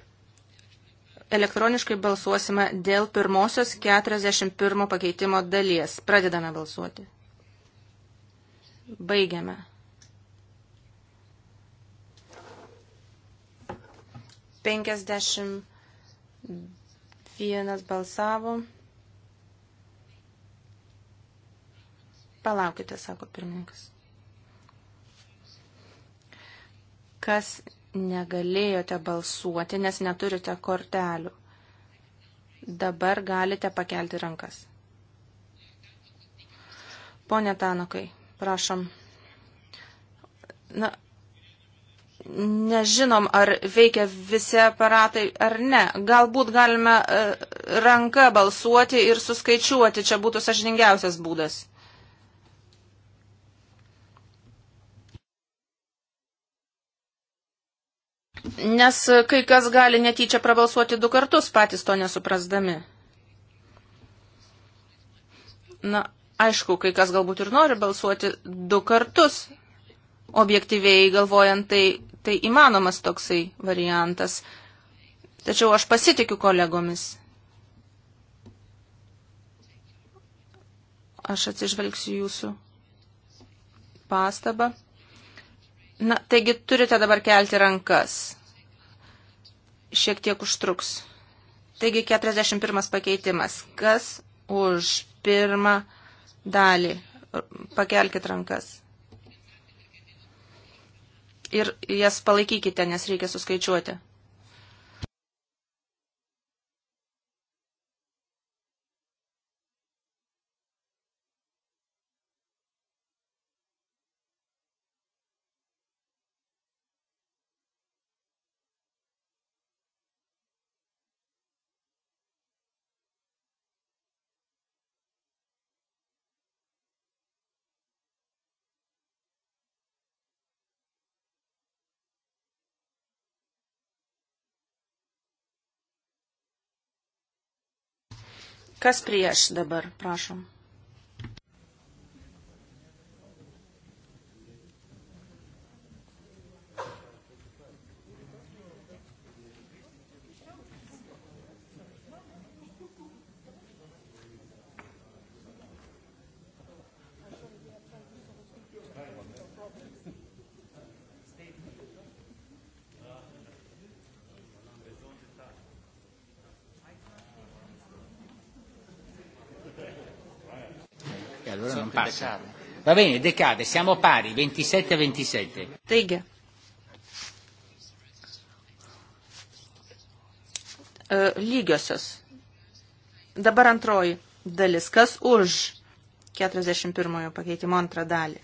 Elektroniškai balsuosime dėl pirmosios 41 pakeitimo dalies. Pradedame balsuoti. Baigiame. 51 balsavo. Palaukite, sako pirmininkas. Kas negalėjote balsuoti, nes neturite kortelių, dabar galite pakelti rankas. Pone Tanukai, prašom. Na, nežinom, ar veikia visi aparatai ar ne. Galbūt galime e, ranka balsuoti ir suskaičiuoti, čia būtų sažiningiausias būdas. Nes kai kas gali netyčia prabalsuoti du kartus, patys to nesuprasdami. Na, aišku, kai kas galbūt ir nori balsuoti du kartus, objektyviai galvojant, tai tai įmanomas toksai variantas. Tačiau aš pasitikiu kolegomis. Aš atsižvelgsiu jūsų pastabą. Na, taigi turite dabar kelti rankas. Šiek tiek užtruks. Taigi 41 pakeitimas. Kas už pirmą dalį? Pakelkit rankas ir jas palaikykite, nes reikia suskaičiuoti. Kas prieš dabar, prašom? non passa. Va bene, decade, siamo pari, 27 a 27. Taigi. Lygiosios. Dabar antroji dalis. Kas už 41 pakeitimo antrą dalį?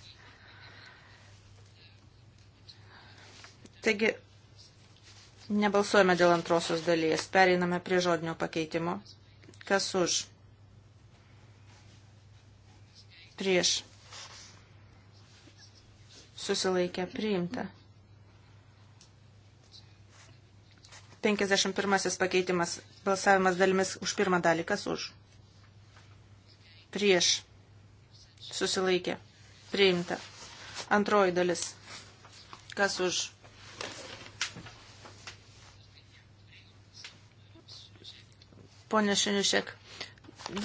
Taigi, nebalsuojame dėl antrosios dalies. Pereiname prie žodinio pakeitimo. Kas už? prieš susilaikę priimta. 51 pakeitimas balsavimas dalimis už pirmą dalį. Kas už? Prieš susilaikė priimta. Antroji dalis. Kas už? Pone Šinišek,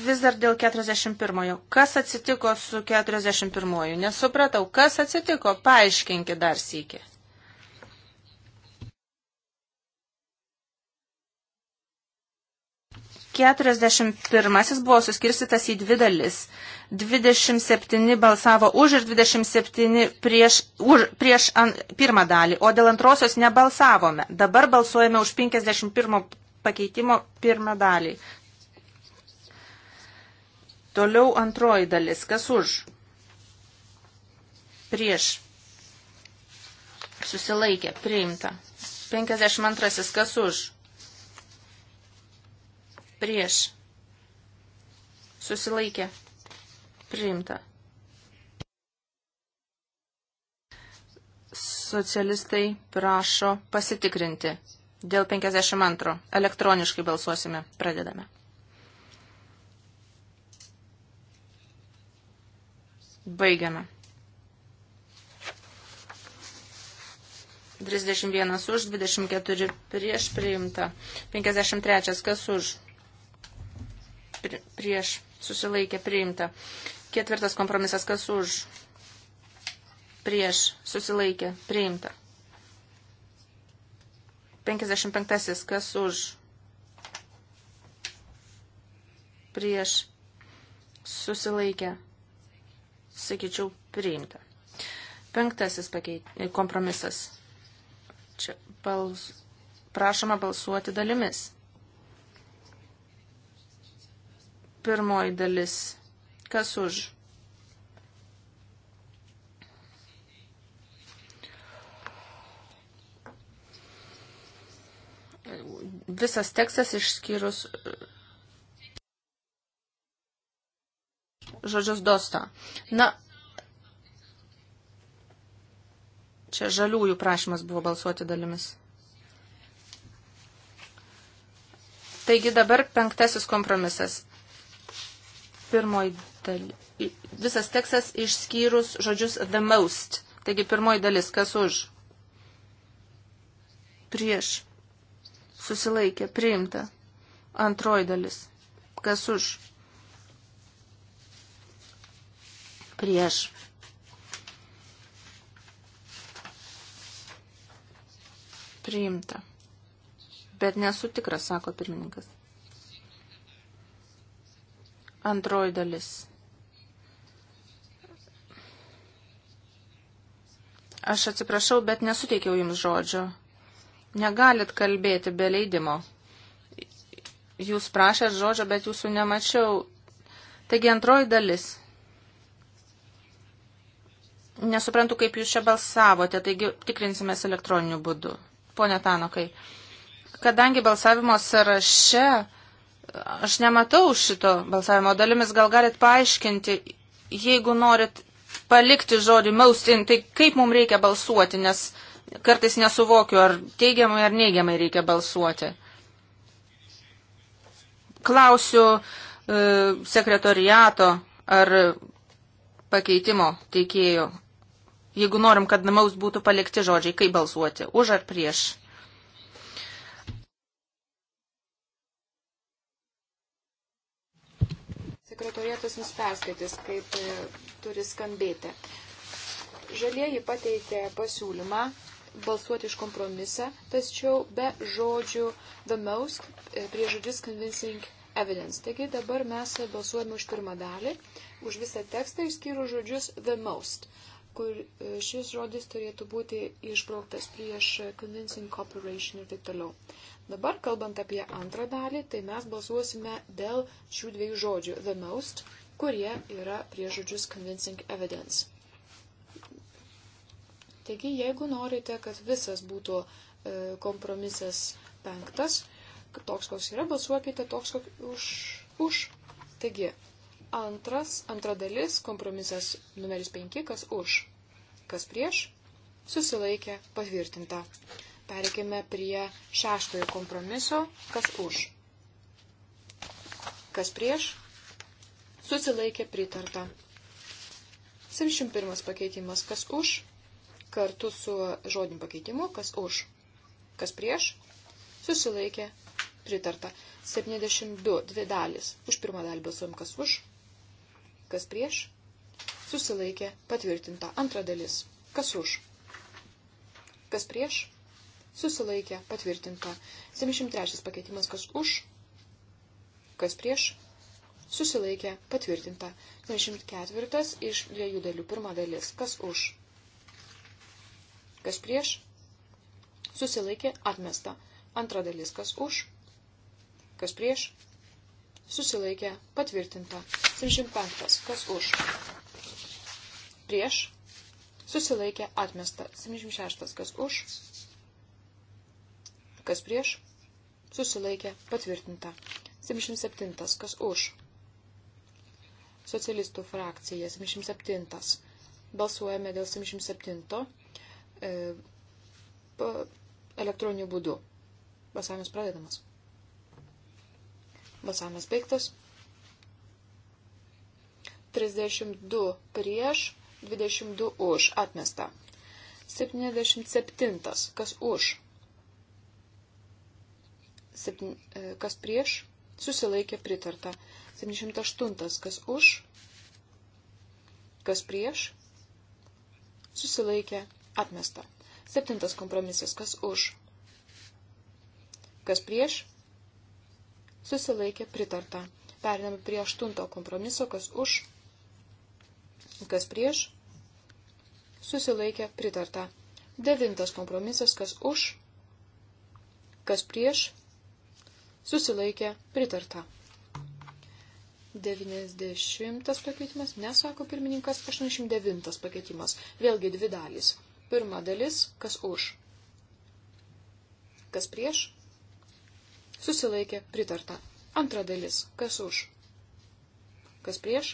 vis dar dėl 41-ojo. Kas atsitiko su 41-oju? Nesupratau, kas atsitiko, paaiškinkit dar sykį. Keturiasdešimt pirmasis buvo suskirstytas į dvi dalis. Dvidešimt septyni balsavo už ir dvidešimt septyni prieš, už, prieš an, pirmą dalį, o dėl antrosios nebalsavome. Dabar balsuojame už penkiasdešimt pirmo pakeitimo pirmą dalį. Toliau antroji dalis. Kas už? Prieš. Susilaikė. Priimta. 52. Kas už? Prieš. Susilaikė. Priimta. Socialistai prašo pasitikrinti. Dėl 52. Elektroniškai balsuosime. Pradedame. Baigiame. 31 už, 24 prieš priimta. 53 kas už, prieš susilaikė priimta. Ketvirtas kompromisas kas už, prieš susilaikė priimta. 55 kas už, prieš susilaikė priimta sakyčiau, priimta. Penktasis pakeit... kompromisas. Čia bals... prašoma balsuoti dalimis. Pirmoji dalis. Kas už? Visas tekstas išskyrus žodžius dosta. Na, čia žaliųjų prašymas buvo balsuoti dalimis. Taigi dabar penktasis kompromisas. Pirmoji dalis. Visas tekstas išskyrus žodžius the most. Taigi pirmoji dalis, kas už? Prieš. Susilaikė, priimta. Antroji dalis, kas už? prieš. Priimta. Bet nesu tikras, sako pirmininkas. Antroji dalis. Aš atsiprašau, bet nesuteikiau jums žodžio. Negalit kalbėti be leidimo. Jūs prašėt žodžio, bet jūsų nemačiau. Taigi antroji dalis. Nesuprantu, kaip jūs čia balsavote, taigi tikrinsimės elektroniniu būdu. Pone Tanokai, kadangi balsavimo sąraše aš nematau šito balsavimo dalimis, gal galit paaiškinti, jeigu norit palikti žodį maustin, tai kaip mums reikia balsuoti, nes kartais nesuvokiu, ar teigiamai ar neigiamai reikia balsuoti. Klausiu e, sekretoriato ar pakeitimo teikėjo, Jeigu norim, kad namaus būtų palikti žodžiai, kaip balsuoti, už ar prieš. Sekretorietas jums perskaitys, kaip e, turi skambėti. Žalieji pateikė pasiūlymą balsuoti iš kompromisą, tačiau be žodžių the most e, prie žodžius convincing evidence. Taigi dabar mes balsuojame už pirmą dalį, už visą tekstą išskyrus žodžius the most. Uh, kur e, šis žodis turėtų būti išbrauktas prieš convincing cooperation ir taip toliau. Dabar, kalbant apie antrą dalį, tai mes balsuosime dėl šių dviejų žodžių the most, kurie yra prie žodžius convincing evidence. Taigi, jeigu norite, kad visas būtų e, kompromisas penktas, toks koks yra, balsuokite toks koks už. už. Taigi, Antras, antra dalis, kompromisas numeris 5, kas už, kas prieš, susilaikė patvirtinta. Pereikime prie šeštojo kompromiso, kas už, kas prieš, susilaikė pritarta. 71 pakeitimas, kas už, kartu su žodiniu pakeitimu, kas už, kas prieš, susilaikė pritarta. 72 dvi dalis, už pirmą dalį balsuojam, kas už, Kas prieš? Susilaikė. Patvirtinta. Antra dalis. Kas už? Kas prieš? Susilaikė. Patvirtinta. 73 pakeitimas. Kas už? Kas prieš? Susilaikė. Patvirtinta. 74 iš dviejų dalių. Pirma dalis. Kas už? Kas prieš? Susilaikė. Atmesta. Antra dalis. Kas už? Kas prieš? susilaikė, patvirtinta. 75. Kas už? Prieš, susilaikė, atmesta. 76. Kas už? Kas prieš? Susilaikė, patvirtinta. 77. Kas už? Socialistų frakcija 77. Balsuojame dėl 77 e, elektroniniu būdu. Balsavimas pradedamas. Balsavimas baigtas. 32 prieš, 22 už atmesta. 77. Kas už? Septyn, e, kas prieš? Susilaikė pritarta. 78. Kas už? Kas prieš? Susilaikė atmesta. 7. Kompromisas. Kas už? Kas prieš? susilaikė pritarta. Periname prie aštunto kompromiso, kas už, kas prieš, susilaikė pritarta. Devintas kompromisas, kas už, kas prieš, susilaikė pritarta. 90 pakeitimas, nesako pirmininkas, 89 pakeitimas. Vėlgi dvi dalys. Pirma dalis, kas už, kas prieš, susilaikė pritarta. Antra dalis, kas už, kas prieš,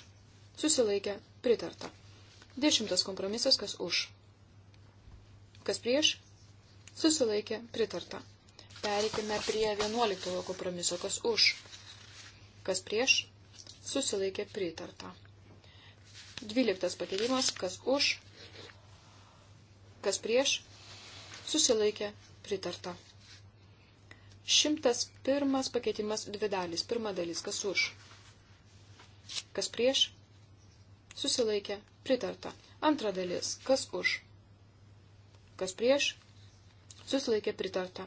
susilaikė pritarta. Dešimtas kompromisas, kas už, kas prieš, susilaikė pritarta. Pereikime prie vienuoliktojo kompromiso, kas už, kas prieš, susilaikė pritarta. Dvyliktas pakeitimas, kas už, kas prieš, susilaikė pritarta. 101 pakeitimas dvi dalys. Pirma dalis, kas už. Kas prieš? Susilaikė. Pritarta. Antra dalis, kas už. Kas prieš? Susilaikė. Pritarta.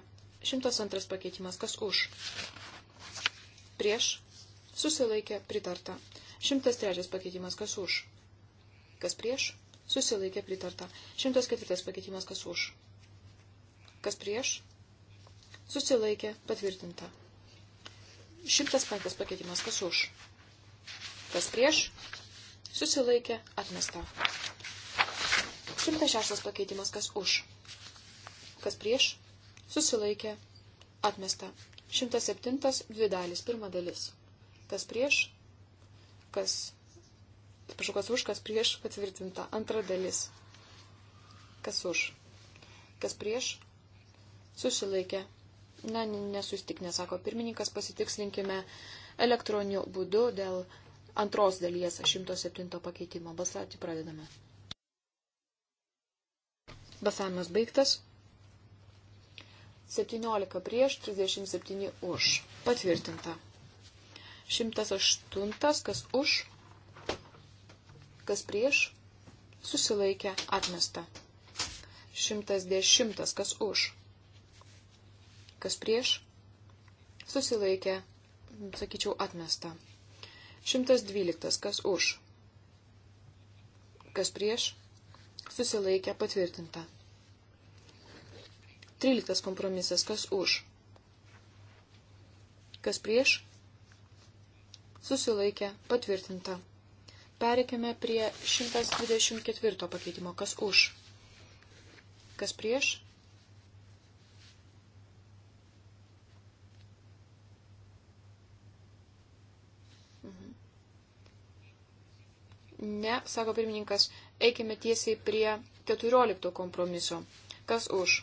102 pakeitimas, kas už. Prieš? Susilaikė. Pritarta. 103 pakeitimas, kas už. Kas prieš? Susilaikė. Pritarta. 104 pakeitimas, kas už. Kas prieš? susilaikė, patvirtinta. 105 pakeitimas, kas už, kas prieš, susilaikė, atmesta. 106 pakeitimas, kas už, kas prieš, susilaikė, atmesta. 107, dvi dalis, pirma dalis, kas prieš, kas, prašau, kas už, kas prieš, patvirtinta. Antra dalis, kas už, kas prieš, susilaikė, Na, nesustiknė, sako pirmininkas, pasitikslinkime elektroniniu būdu dėl antros dalies 107 pakeitimo. Balsuoti pradedame. Balsavimas baigtas. 17 prieš, 37 už. Patvirtinta. 108, kas už, kas prieš, susilaikė, atmesta. 110, kas už, kas prieš, susilaikė, sakyčiau, atmesta. 112, kas už, kas prieš, susilaikė, patvirtinta. 13 kompromisas, kas už, kas prieš, susilaikė, patvirtinta. Pereikime prie 124 pakeitimo, kas už, kas prieš, Ne, sako pirmininkas, eikime tiesiai prie 14 kompromiso. Kas už?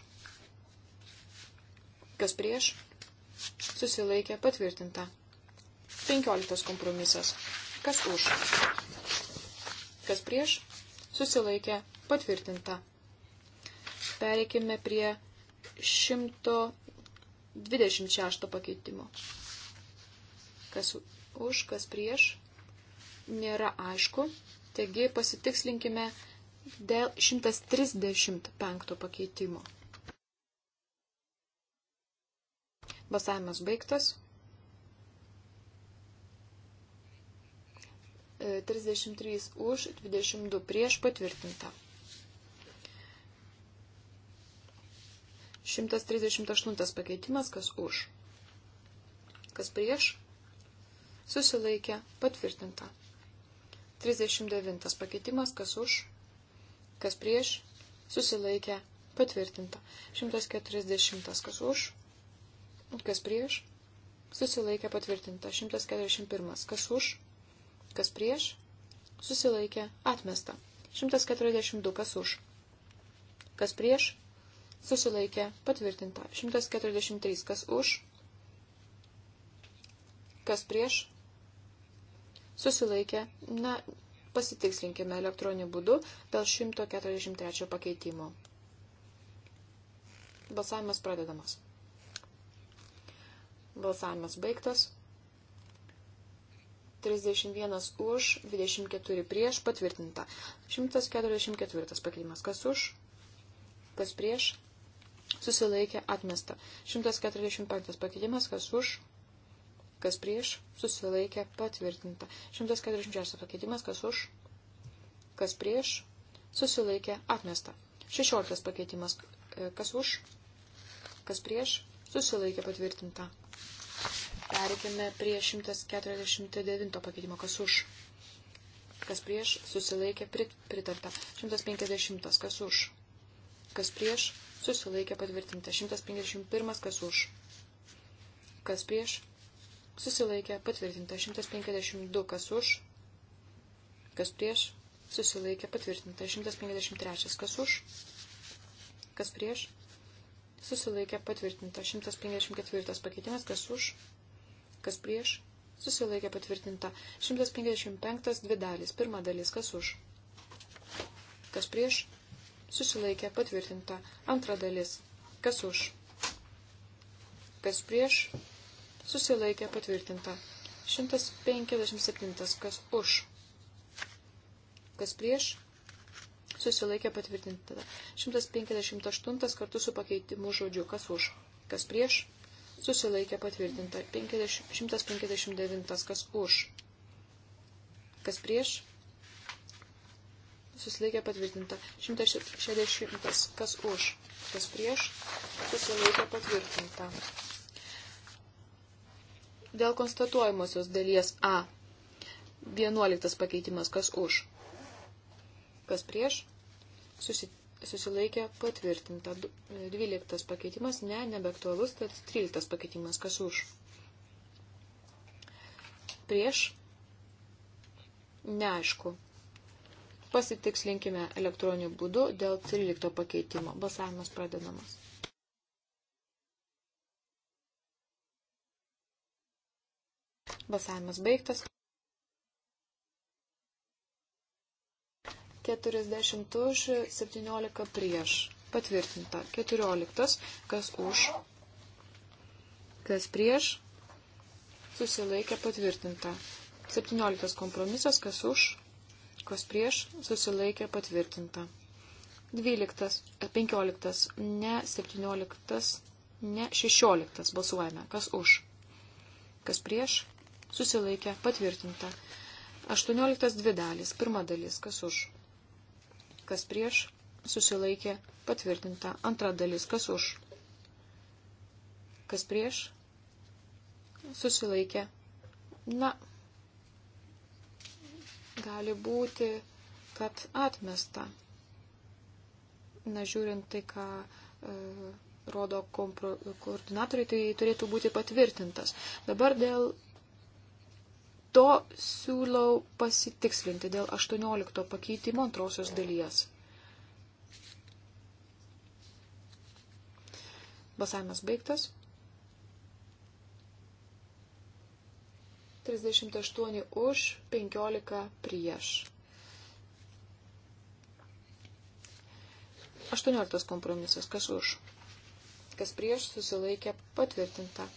Kas prieš? Susilaikė patvirtinta. 15 kompromisas. Kas už? Kas prieš? Susilaikė patvirtinta. Pereikime prie 126 pakeitimo. Kas už, kas prieš? Nėra aišku. Taigi pasitikslinkime dėl 135 pakeitimo. Basavimas baigtas. 33 e, už, 22 prieš patvirtinta. 138 pakeitimas, kas už. Kas prieš? Susilaikė, patvirtinta. 39 pakeitimas, kas už, kas prieš, susilaikė, patvirtinta. 140 kas už, kas prieš, susilaikė, patvirtinta. 141 kas už, kas prieš, susilaikė, atmesta. 142 kas už, kas prieš, susilaikė, patvirtinta. 143 kas už, kas prieš, susilaikė, na, pasitikslinkime elektroniniu būdu dėl 143 pakeitimo. Balsavimas pradedamas. Balsavimas baigtas. 31 už, 24 prieš, patvirtinta. 144 pakeitimas. Kas už, kas prieš, susilaikė, atmesta. 145 pakeitimas. Kas už, kas prieš, susilaikė, patvirtinta. 146 pakeitimas, kas už, kas prieš, susilaikė, atmesta. 16 pakeitimas, e, kas už, kas prieš, susilaikė, patvirtinta. Perikime prie 149 pakeitimo, kas už, kas prieš, susilaikė, pritarta. 150, kas už, kas prieš, susilaikė, patvirtinta. 151, kas už, kas prieš, susilaikė patvirtinta 152, kas už, kas prieš, susilaikė patvirtinta 153, kas už, kas prieš, susilaikė patvirtinta 154 pakeitimas, kas už, kas prieš, susilaikė patvirtinta 155 dvi dalis, pirma dalis, kas už, kas prieš, susilaikė patvirtinta antra dalis, kas už, kas prieš, susilaikė patvirtinta. 157. Kas už? Kas prieš? Susilaikė patvirtinta. 158 kartu su pakeitimu žodžiu. Kas už? Kas prieš? Susilaikė patvirtinta. 50, 159. Kas už? Kas prieš? susilaikė patvirtinta. 160. Kas už, kas prieš, susilaikė patvirtinta. Dėl konstatuojamosios dalies A. 11 pakeitimas. Kas už? Kas prieš? Susi, susilaikė patvirtinta. 12 pakeitimas. Ne, nebeaktualus. Tad 13 pakeitimas. Kas už? Prieš? Neaišku. Pasitikslinkime elektroniniu būdu dėl 13 pakeitimo. Balsavimas pradedamas. Balsavimas baigtas. 40 už, 17 prieš. Patvirtinta. 14. Kas už? Kas prieš? Susilaikė patvirtinta. 17 kompromisas. Kas už? Kas prieš? Susilaikė patvirtinta. 12. 15. E, ne 17. Ne 16. Balsuojame. Kas už? Kas prieš? susilaikė, patvirtinta. 18 dvi dalis, pirma dalis, kas už, kas prieš, susilaikė, patvirtinta. Antra dalis, kas už, kas prieš, susilaikė. Na, gali būti, kad atmesta. Na, žiūrint tai, ką e, rodo kompro, koordinatoriai, tai turėtų būti patvirtintas. Dabar dėl to siūlau pasitikslinti dėl 18 pakeitimo antrosios dalies. Basavimas baigtas. 38 už, 15 prieš. 18 kompromisas. Kas už? Kas prieš susilaikė patvirtinta.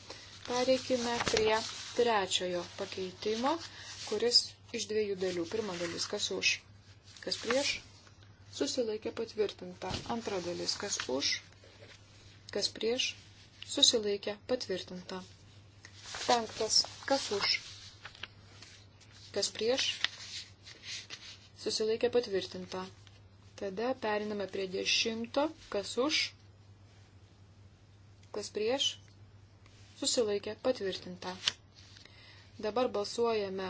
Pereikime prie trečiojo pakeitimo, kuris iš dviejų dalių. Pirma dalis, kas už, kas prieš, susilaikė patvirtinta. Antra dalis, kas už, kas prieš, susilaikė patvirtinta. Penktas, kas už, kas prieš, susilaikė patvirtinta. Tada periname prie dešimto, kas už, kas prieš, susilaikė patvirtinta. Dabar balsuojame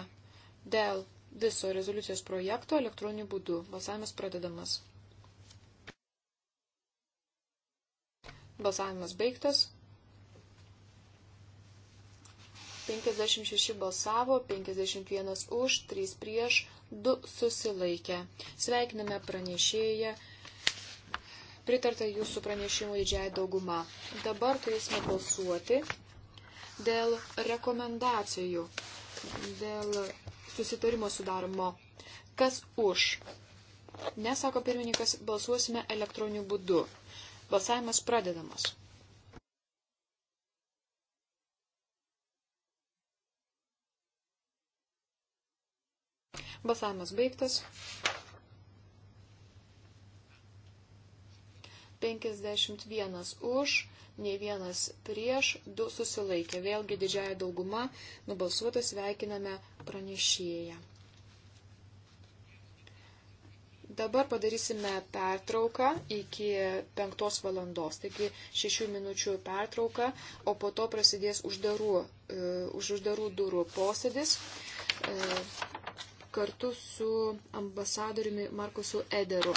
dėl viso rezoliucijos projekto elektroniniu būdu. Balsavimas pradedamas. Balsavimas baigtas. 56 balsavo, 51 už, 3 prieš, 2 susilaikė. Sveikiname pranešėją. Pritarta jūsų pranešimų didžiai dauguma. Dabar turėsime balsuoti dėl rekomendacijų, dėl susitarimo sudarimo. Kas už? Nesako pirmininkas, balsuosime elektroniniu būdu. Balsavimas pradedamas. Balsavimas baigtas. 51 už, nei vienas prieš, du susilaikė. Vėlgi didžiaja dauguma nubalsuotų sveikiname pranešėją. Dabar padarysime pertrauką iki 5 valandos, taigi 6 minučių pertrauką, o po to prasidės uždarų, e, už uždarų durų posėdis e, kartu su ambasadoriumi Markusu Ederu.